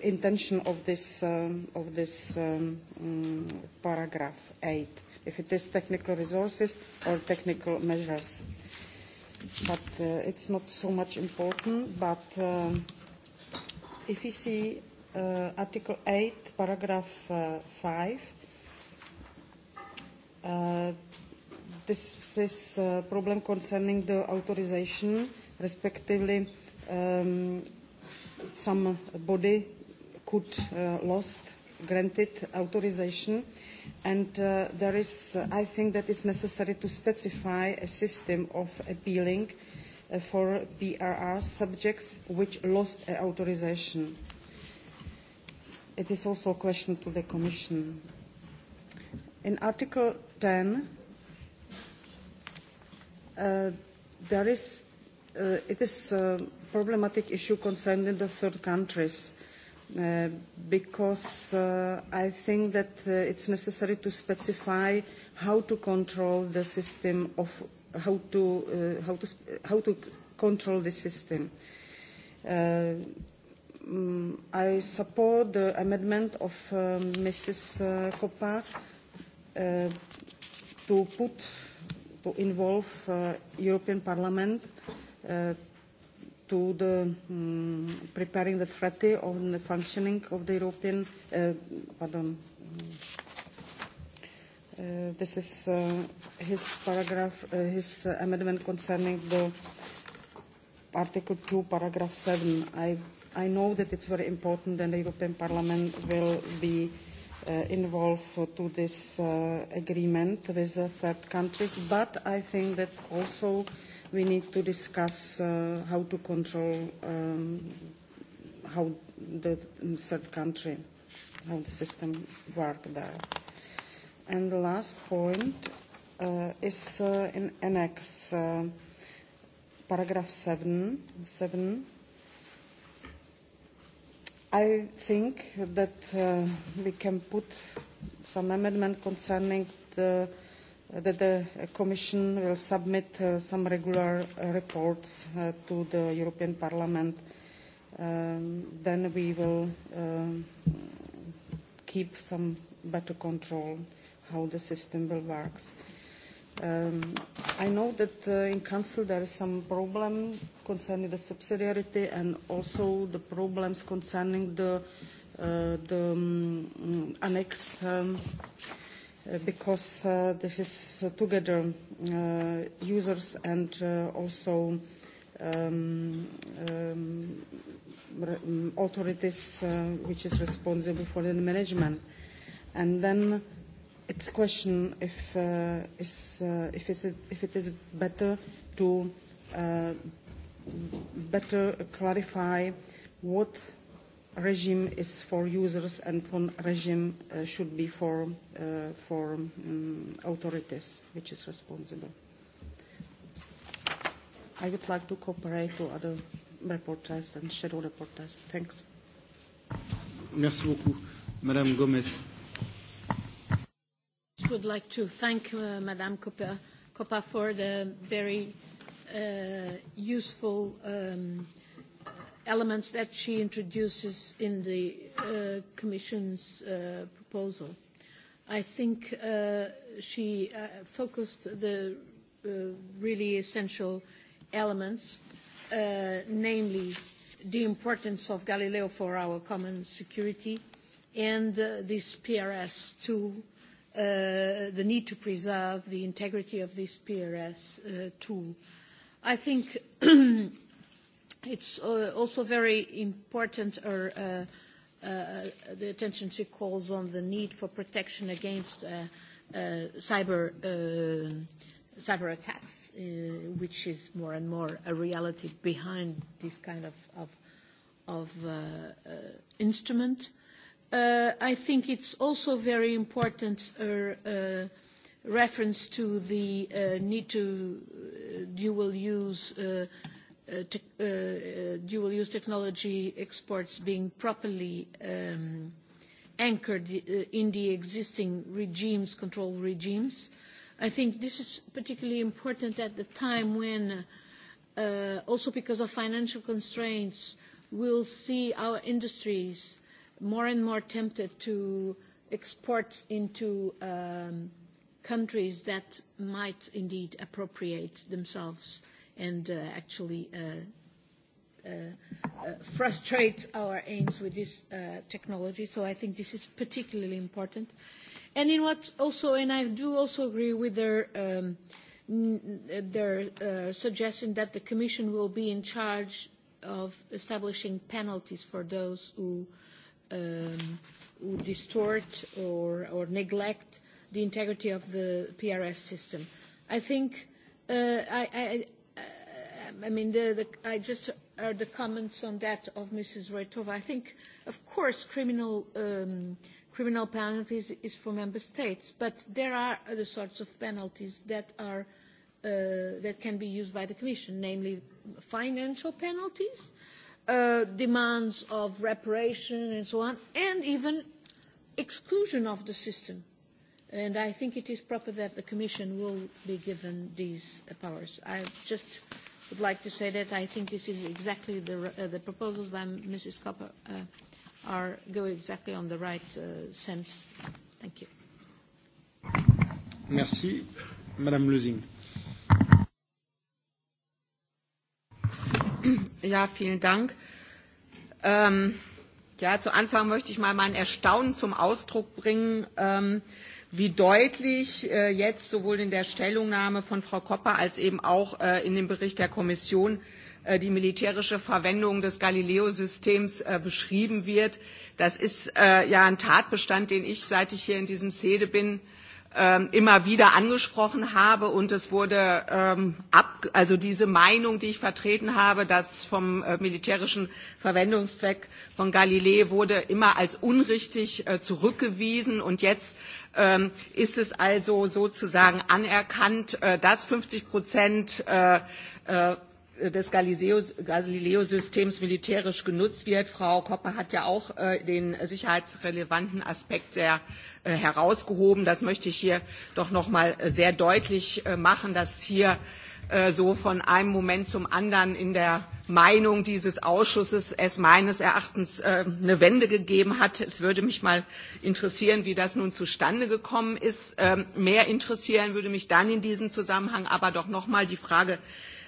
intention of this, um, of this um, um, paragraph 8, if it is technical resources or technical measures. But uh, it's not so much important, but um, uh, EFEC uh, Article 8, paragraph uh, 5. Uh, this is a uh, problem concerning the authorization, respectively um, some body could uh, lost granted authorization and uh, there is, uh, I think that it's necessary to specify a system of appealing uh, uh, for BRR subjects which lost uh, authorization. It is also a question to the Commission. In Article 10, uh, there is, uh, it is a problematic issue concerning the third countries. Uh, because uh, I think that uh, it's necessary to specify how to control the system of how to, uh, how to, how to control the system. Uh, um, I support the amendment of um, uh, Mrs. Uh, Kopa uh, to put, to involve uh, European Parliament uh, to the um, preparing the treaty on the functioning of the European, uh, pardon, um, Uh, this is uh, his paragraph, uh, his uh, amendment concerning the Article 2, paragraph 7. I, I know that it's very important and the European Parliament will be uh, involved uh, to this uh, agreement with uh, third countries, but I think that also we need to discuss uh, how to control um, how the third country, how the system works there. And the last point uh, is uh, in Annex uh, paragraph 7, 7. I think that uh, we can put some amendment concerning the, that the Commission will submit uh, some regular uh, reports uh, to the European Parliament. Um, then we will um, keep some better control how the system will work. Um, I know that uh, in Council there is some problem concerning the subsidiarity and also the problems concerning the, uh, the um, annex um, uh, because uh, this is uh, together uh, users and uh, also um, um, re- um, authorities uh, which is responsible for the management. And then it's question if uh, is uh, if is it, if it is better to uh, better clarify what regime is for users and what regime uh, should be for uh, for um, authorities which is responsible. I would like to cooperate to other reporters and shadow reporters. Thanks. Merci beaucoup, Madame Gomez first would like to thank uh, Madame Coppa, Coppa for the very uh, useful um, elements that she introduces in the uh, Commission's uh, proposal. I think uh, she uh, focused the uh, really essential elements, uh, namely the importance of Galileo for our common security and uh, this PRS tool uh, the need to preserve the integrity of this PRS uh, tool. I think it's uh, also very important or uh, uh, Uh, the attention she calls on the need for protection against uh, uh, cyber, uh, cyber attacks, uh, which is more and more a reality behind this kind of, of, of uh, uh, instrument. Uh, Uh, I think it's also very important uh, uh, reference to the uh, need to uh, dual use uh, uh, te uh, uh, dual use technology exports being properly um, anchored uh, in the existing regimes, control regimes. I think this is particularly important at the time when, uh, also because of financial constraints, we'll see our industries more and more tempted to export into um, countries that might indeed appropriate themselves and uh, actually uh, uh, uh, frustrate our aims with this uh, technology. So I think this is particularly important. And in what also, and I do also agree with their, um, their uh, suggestion that the Commission will be in charge of establishing penalties for those who uh, um, would distort or, or neglect the integrity of the PRS system. I think, uh, I, I, I mean, the, the, I just heard the comments on that of Mrs. Reitova. I think, of course, criminal, um, criminal penalties is for member states, but there are other sorts of penalties that are uh, that can be used by the Commission, namely financial penalties uh, uh, demands of reparation and so on, and even exclusion of the system. And I think it is proper that the Commission will be given these uh, powers. I just would like to say that I think this is exactly the, uh, the proposals by Mrs. Copper uh, are, go exactly on the right uh, sense. Thank you. Merci. Madame Lusing. Ja, vielen Dank. Ähm, ja, zu Anfang möchte ich mal mein Erstaunen zum Ausdruck bringen, ähm, wie deutlich äh, jetzt sowohl in der Stellungnahme von Frau Kopper als eben auch äh, in dem Bericht der Kommission äh, Äh, die militärische Verwendung des Galileo-Systems äh, beschrieben wird. Das ist äh, ja ein Tatbestand, den ich, seit ich hier in diesem Sede bin, äh, immer wieder angesprochen habe und es wurde ähm, ab, also diese Meinung, die ich vertreten habe, dass vom äh, militärischen Verwendungszweck von Galilei wurde immer als unrichtig äh, zurückgewiesen und jetzt ähm, ist es also sozusagen anerkannt, äh, dass 50 Prozent äh, äh, des Galileo-Systems militärisch genutzt wird. Frau Koppe hat ja auch äh, den sicherheitsrelevanten Aspekt sehr äh, herausgehoben. Das möchte ich hier doch noch mal äh, sehr deutlich äh, machen, dass hier äh, so von einem Moment zum anderen in der Meinung dieses Ausschusses es meines Erachtens äh, eine Wende gegeben hat. Es würde mich mal interessieren, wie das nun zustande gekommen ist. Ähm, mehr interessieren würde mich dann in diesem Zusammenhang aber doch noch mal die Frage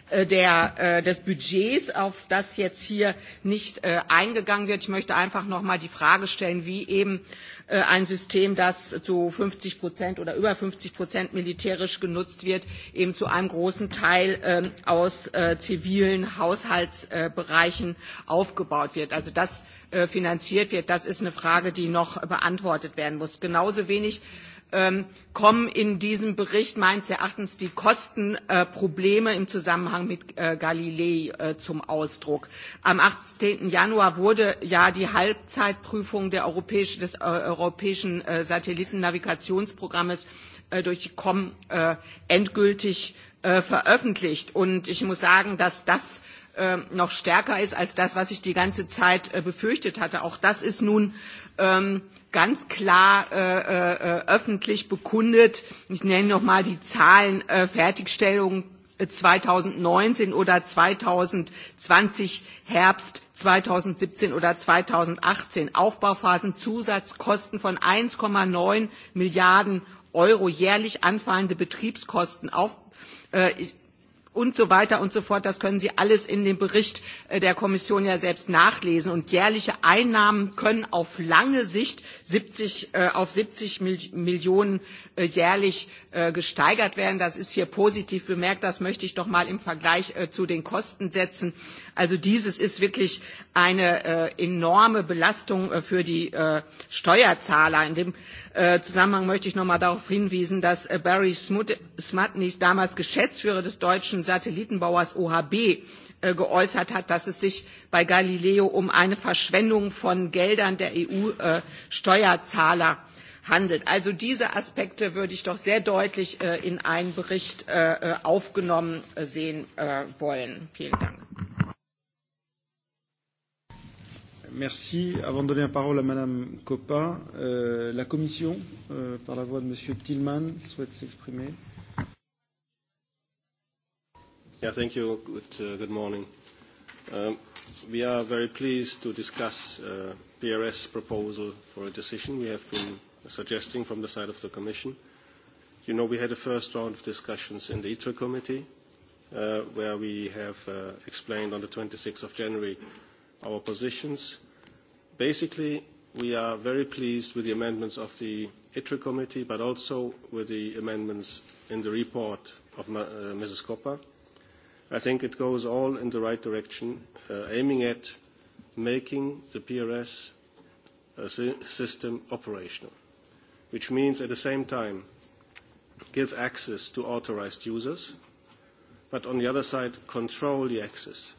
Äh, der, äh, des Budgets, auf das jetzt hier nicht äh, eingegangen wird. Ich möchte einfach noch mal die Frage stellen, wie eben ein System, das zu 50 Prozent oder über 50 Prozent militärisch genutzt wird, eben zu einem großen Teil ähm, aus zivilen Haushaltsbereichen aufgebaut wird. Also das finanziert wird, das ist eine Frage, die noch beantwortet werden muss. Genauso wenig Ähm, kommen in diesem Bericht meines Erachtens die Kostenprobleme im Zusammenhang mit äh, Galilei äh, zum Ausdruck. Am 18. Januar wurde ja die Halbzeitprüfung der äh, europäischen, des europäischen Satellitennavigationsprogrammes durch die COM endgültig veröffentlicht. Und ich muss sagen, dass das Ähm, noch stärker ist als das, was ich die ganze Zeit äh, befürchtet hatte. Auch das ist nun ähm, ganz klar äh, äh, öffentlich bekundet. Ich nenne noch mal die Zahlen Fertigstellung 2019 oder 2020 Herbst 2017 oder 2018 Aufbauphasen Zusatzkosten von 1,9 Milliarden Euro jährlich anfallende Betriebskosten auf, äh, ich, und so weiter und so fort. Das können Sie alles in dem Bericht äh, der Kommission ja selbst nachlesen. Und jährliche Einnahmen können auf lange Sicht 70, äh, auf 70 Mil Millionen äh, jährlich äh, gesteigert werden. Das ist hier positiv bemerkt. Das möchte ich doch mal im Vergleich äh, zu den Kosten setzen. Also dieses ist wirklich eine äh, enorme Belastung äh, für die äh, Steuerzahler. In dem äh, Zusammenhang möchte ich noch mal darauf hinwiesen, dass äh, Barry Smutnis, damals Geschäftsführer des deutschen Satellitenbauers OHB, Äh, geäußert hat, dass es sich bei Galileo um eine Verschwendung von Geldern der EU-Steuerzahler äh, handelt. Also diese Aspekte würde ich doch sehr deutlich äh, in einen Bericht aufgenommen sehen wollen. Vielen Dank. Merci. Avant de donner la parole à Madame Coppa, euh, la Commission, euh, par la voix de Monsieur Tillman, souhaite s'exprimer. Euh, Yeah, thank you. Good, uh, good morning. Um, we are very pleased to discuss uh, PRS proposal for a decision we have been suggesting from the side of the Commission. You know, we had a first round of discussions in the ITRE committee, uh, where we have uh, explained on the 26th of January our positions. Basically, we are very pleased with the amendments of the ITRE committee, but also with the amendments in the report of uh, Mrs. Koppa. I think it goes all in the right direction, uh, aiming at making the PRS uh, system operational, which means at the same time give access to authorized users, but on the other side control the access.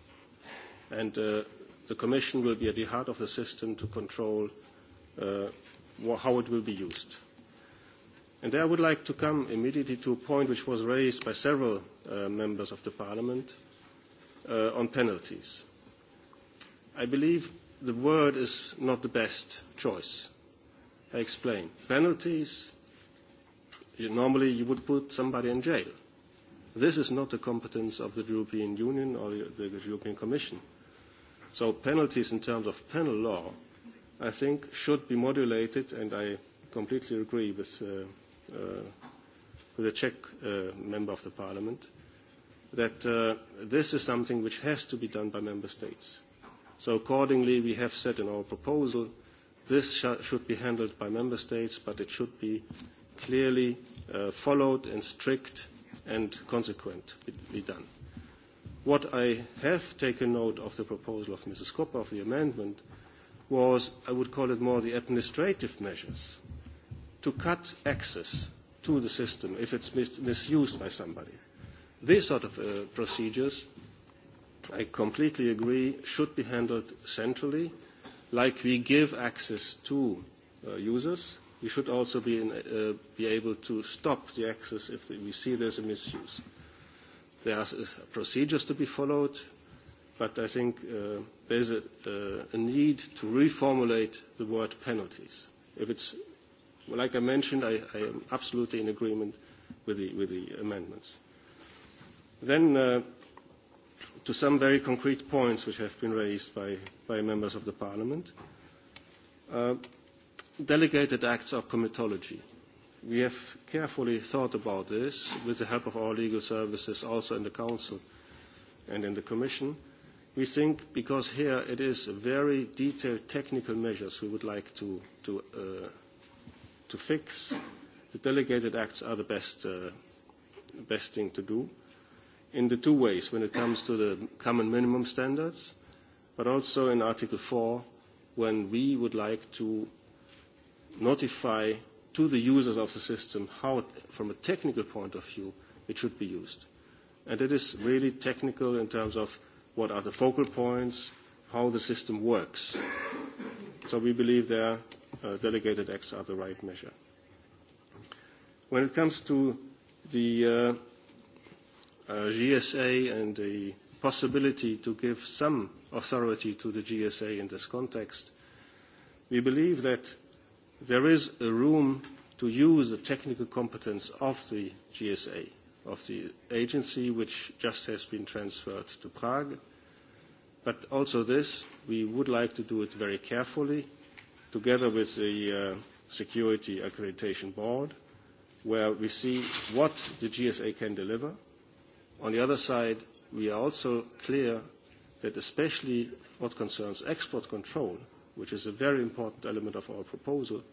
And uh, the Commission will be at the heart of the system to control uh, how it will be used. And there I would like to come immediately to a point which was raised by several uh, members of the Parliament uh, on penalties. I believe the word is not the best choice. I explain. Penalties, you, normally you would put somebody in jail. This is not the competence of the European Union or the, the European Commission. So penalties in terms of penal law, I think, should be modulated, and I completely agree with uh, uh, with a Czech uh, member of the parliament, that uh, this is something which has to be done by member states. So accordingly, we have said in our proposal, this sh should be handled by member states, but it should be clearly uh, followed and strict and consequently done. What I have taken note of the proposal of Mrs. Koppa of the amendment was, I would call it more the administrative measures to cut access to the system if it's mis- misused by somebody. These sort of uh, procedures, I completely agree, should be handled centrally. Like we give access to uh, users, we should also be, in, uh, be able to stop the access if we see there's a misuse. There are procedures to be followed, but I think uh, there's a, uh, a need to reformulate the word penalties. If it's like I mentioned, I, I am absolutely in agreement with the, with the amendments. Then, uh, to some very concrete points which have been raised by, by members of the Parliament. Uh, delegated acts are comitology. We have carefully thought about this with the help of our legal services, also in the Council and in the Commission. We think because here it is very detailed technical measures we would like to, to uh, to fix, the delegated acts are the best, uh, best thing to do in the two ways when it comes to the common minimum standards, but also in Article 4 when we would like to notify to the users of the system how, from a technical point of view, it should be used. And it is really technical in terms of what are the focal points, how the system works. So we believe there uh, delegated acts are the right measure. When it comes to the uh, uh, GSA and the possibility to give some authority to the GSA in this context, we believe that there is a room to use the technical competence of the GSA, of the agency which just has been transferred to Prague. But also this, we would like to do it very carefully together with the uh, Security Accreditation Board, where we see what the GSA can deliver. On the other side, we are also clear that especially what concerns export control, which is a very important element of our proposal,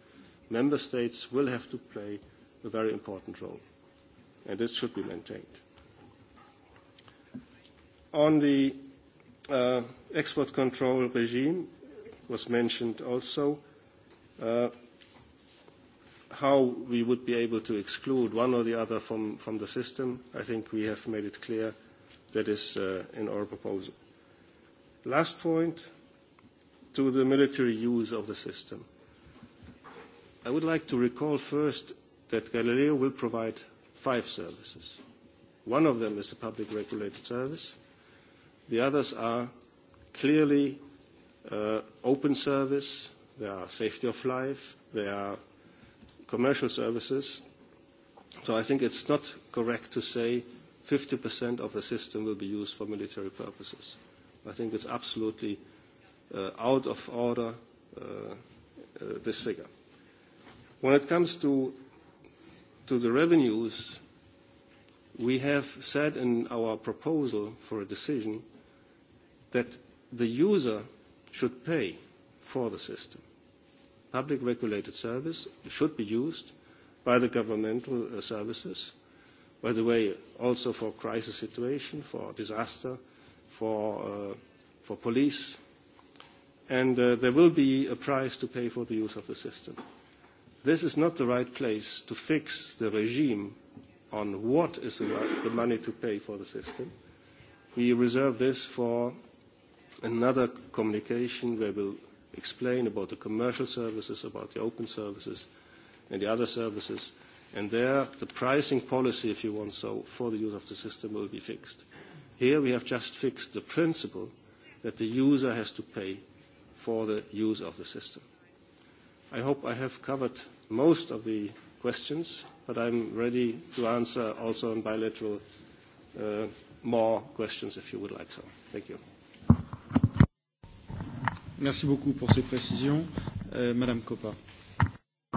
member states will have to play a very important role, and this should be maintained. On the uh, export control regime, was mentioned also, uh, how we would be able to exclude one or the other from, from the system, I think we have made it clear that is uh, in our proposal. Last point, to the military use of the system. I would like to recall first that Galileo will provide five services. One of them is a public regulated service. The others are clearly uh, open service, there are safety of life, there are commercial services. So I think it's not correct to say 50% of the system will be used for military purposes. I think it's absolutely uh, out of order, uh, uh, this figure. When it comes to, to the revenues, we have said in our proposal for a decision that the user should pay for the system. Public regulated service should be used by the governmental uh, services, by the way, also for crisis situation, for disaster, for, uh, for police, and uh, there will be a price to pay for the use of the system. This is not the right place to fix the regime on what is the, the money to pay for the system. We reserve this for another communication where we'll explain about the commercial services, about the open services, and the other services. And there, the pricing policy, if you want so, for the use of the system will be fixed. Here we have just fixed the principle that the user has to pay for the use of the system. I hope I have covered most of the questions, but I'm ready to answer also on bilateral uh, more questions if you would like so. Thank you. Merci beaucoup pour ces précisions. Euh, Madame Coppa.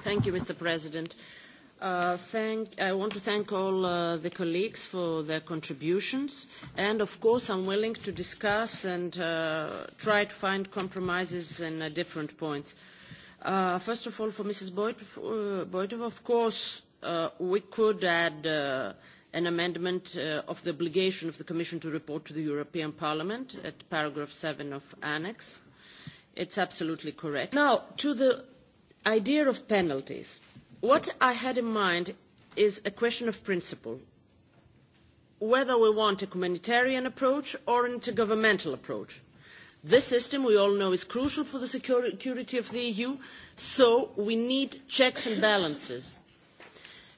Thank you, Mr. President. Uh, thank, I want to thank all uh, the colleagues for their contributions. And of course, I'm willing to discuss and uh, try to find compromises in uh, different points. Uh, first of all, for Mrs. Boitov, uh, Boitov of course, uh, we could add uh, an amendment uh, of the obligation of the Commission to report to the European Parliament at paragraph 7 of Annex. Uh, It's absolutely correct. Now, to the idea of penalties. What I had in mind is a question of principle, whether we want a communitarian approach or an intergovernmental approach. This system, we all know, is crucial for the security of the EU, so we need checks and balances.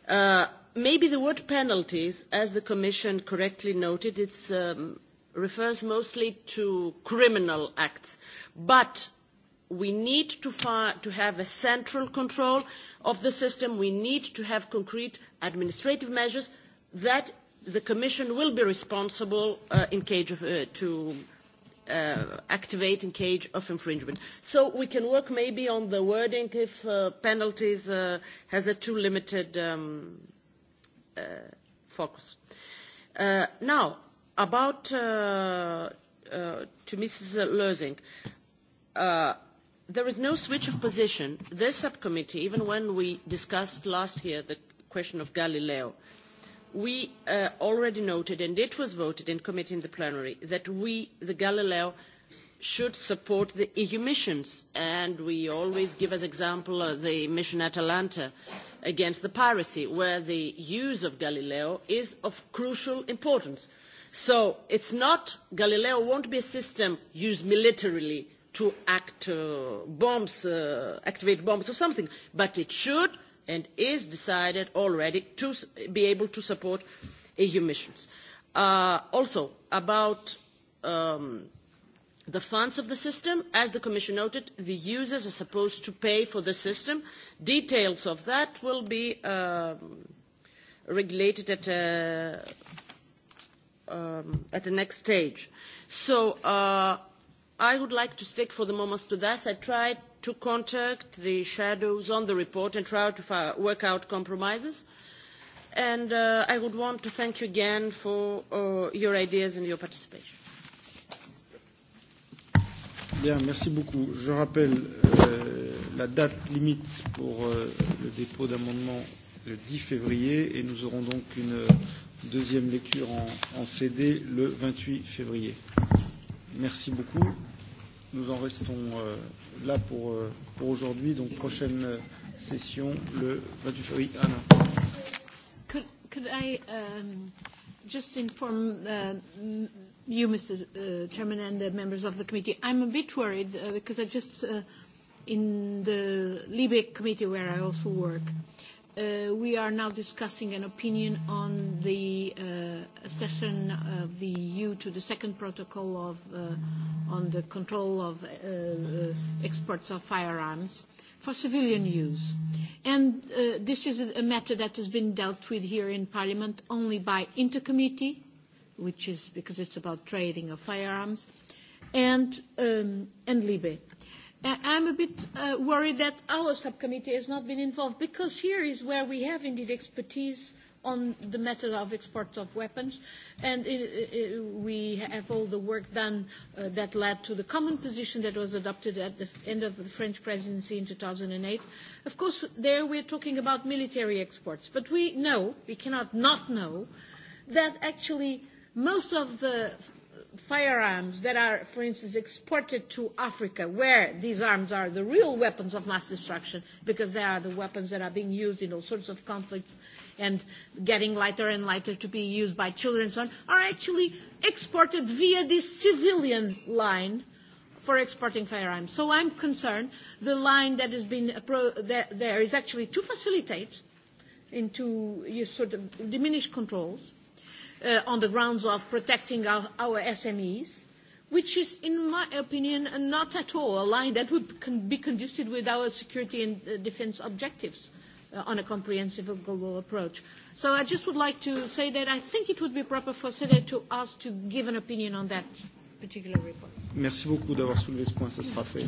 Uh, maybe the word penalties, as the Commission correctly noted, it um, refers mostly to criminal acts, But we need to, to have a central control of the system. We need to have concrete administrative measures that the Commission will be responsible uh, in case of, uh, to uh, activate in case of infringement. So we can work maybe on the wording if uh, penalties uh, has a too limited um, uh, focus. Uh, now, about uh, uh, to Mrs. Lösing. Uh, uh, there is no switch of position. This subcommittee, even when we discussed last year the question of Galileo, we uh, already noted, and it was voted in committee in the plenary, that we, the Galileo, should support the EU missions. And we always give as example uh, the mission Atalanta against the piracy, where the use of Galileo is of crucial importance. So it's not, Galileo won't be a system used militarily to act uh, bombs, uh, activate bombs or something, but it should and is decided already to be able to support EU missions. Uh, also, about um, the funds of the system, as the Commission noted, the users are supposed to pay for the system. Details of that will be um, regulated at a, uh, um, at the next stage. So uh, I would like to stick for the moment to this. I tried to contact the shadows on the report and try to work out compromises. And uh, I would want to thank you again for uh, your ideas and your participation. Bien, merci beaucoup. Je rappelle euh, la date limite pour euh, le dépôt d'amendements le 10 février et nous aurons donc une euh, deuxième lecture en, en CD le 28 février. Euh, Merci beaucoup. Nous en restons euh, là pour, euh, pour aujourd'hui. Donc prochaine euh, session le 28 février. Oui, Anna. Could, could I um, just inform uh, you, Mr. Uh, Chairman, and the members of the committee? I'm a bit worried uh, because I just uh, in the Libe committee where I also work. Uh, uh, we are now discussing an opinion on the uh, accession of the EU to the second protocol of, uh, on the control of uh, uh, exports of firearms for civilian use. And uh, this is a matter that has been dealt with here in Parliament only by intercommittee, which is because it's about trading of firearms, and, um, and Libe. Uh, Uh, I'm a bit uh, worried that our subcommittee has not been involved because here is where we have indeed expertise on the matter of export of weapons, and it, uh, it, uh, we have all the work done uh, that led to the common position that was adopted at the end of the French presidency in 2008. Of course, there we're talking about military exports, but we know, we cannot not know, that actually most of the firearms that are, for instance, exported to Africa, where these arms are the real weapons of mass destruction, because they are the weapons that are being used in all sorts of conflicts and getting lighter and lighter to be used by children and so on, are actually exported via this civilian line for exporting firearms. So I'm concerned the line that has been appro- that there is actually to facilitate and to you sort of diminish controls uh, on the grounds of protecting our, our SMEs, which is, in my opinion, not at all a line that would be conducive with our security and uh, defense objectives uh, on a comprehensive global approach. So I just would like to say that I think it would be proper for SEDE to ask to give an opinion on that particular report. Merci beaucoup d'avoir soulevé ce point, ce sera fait.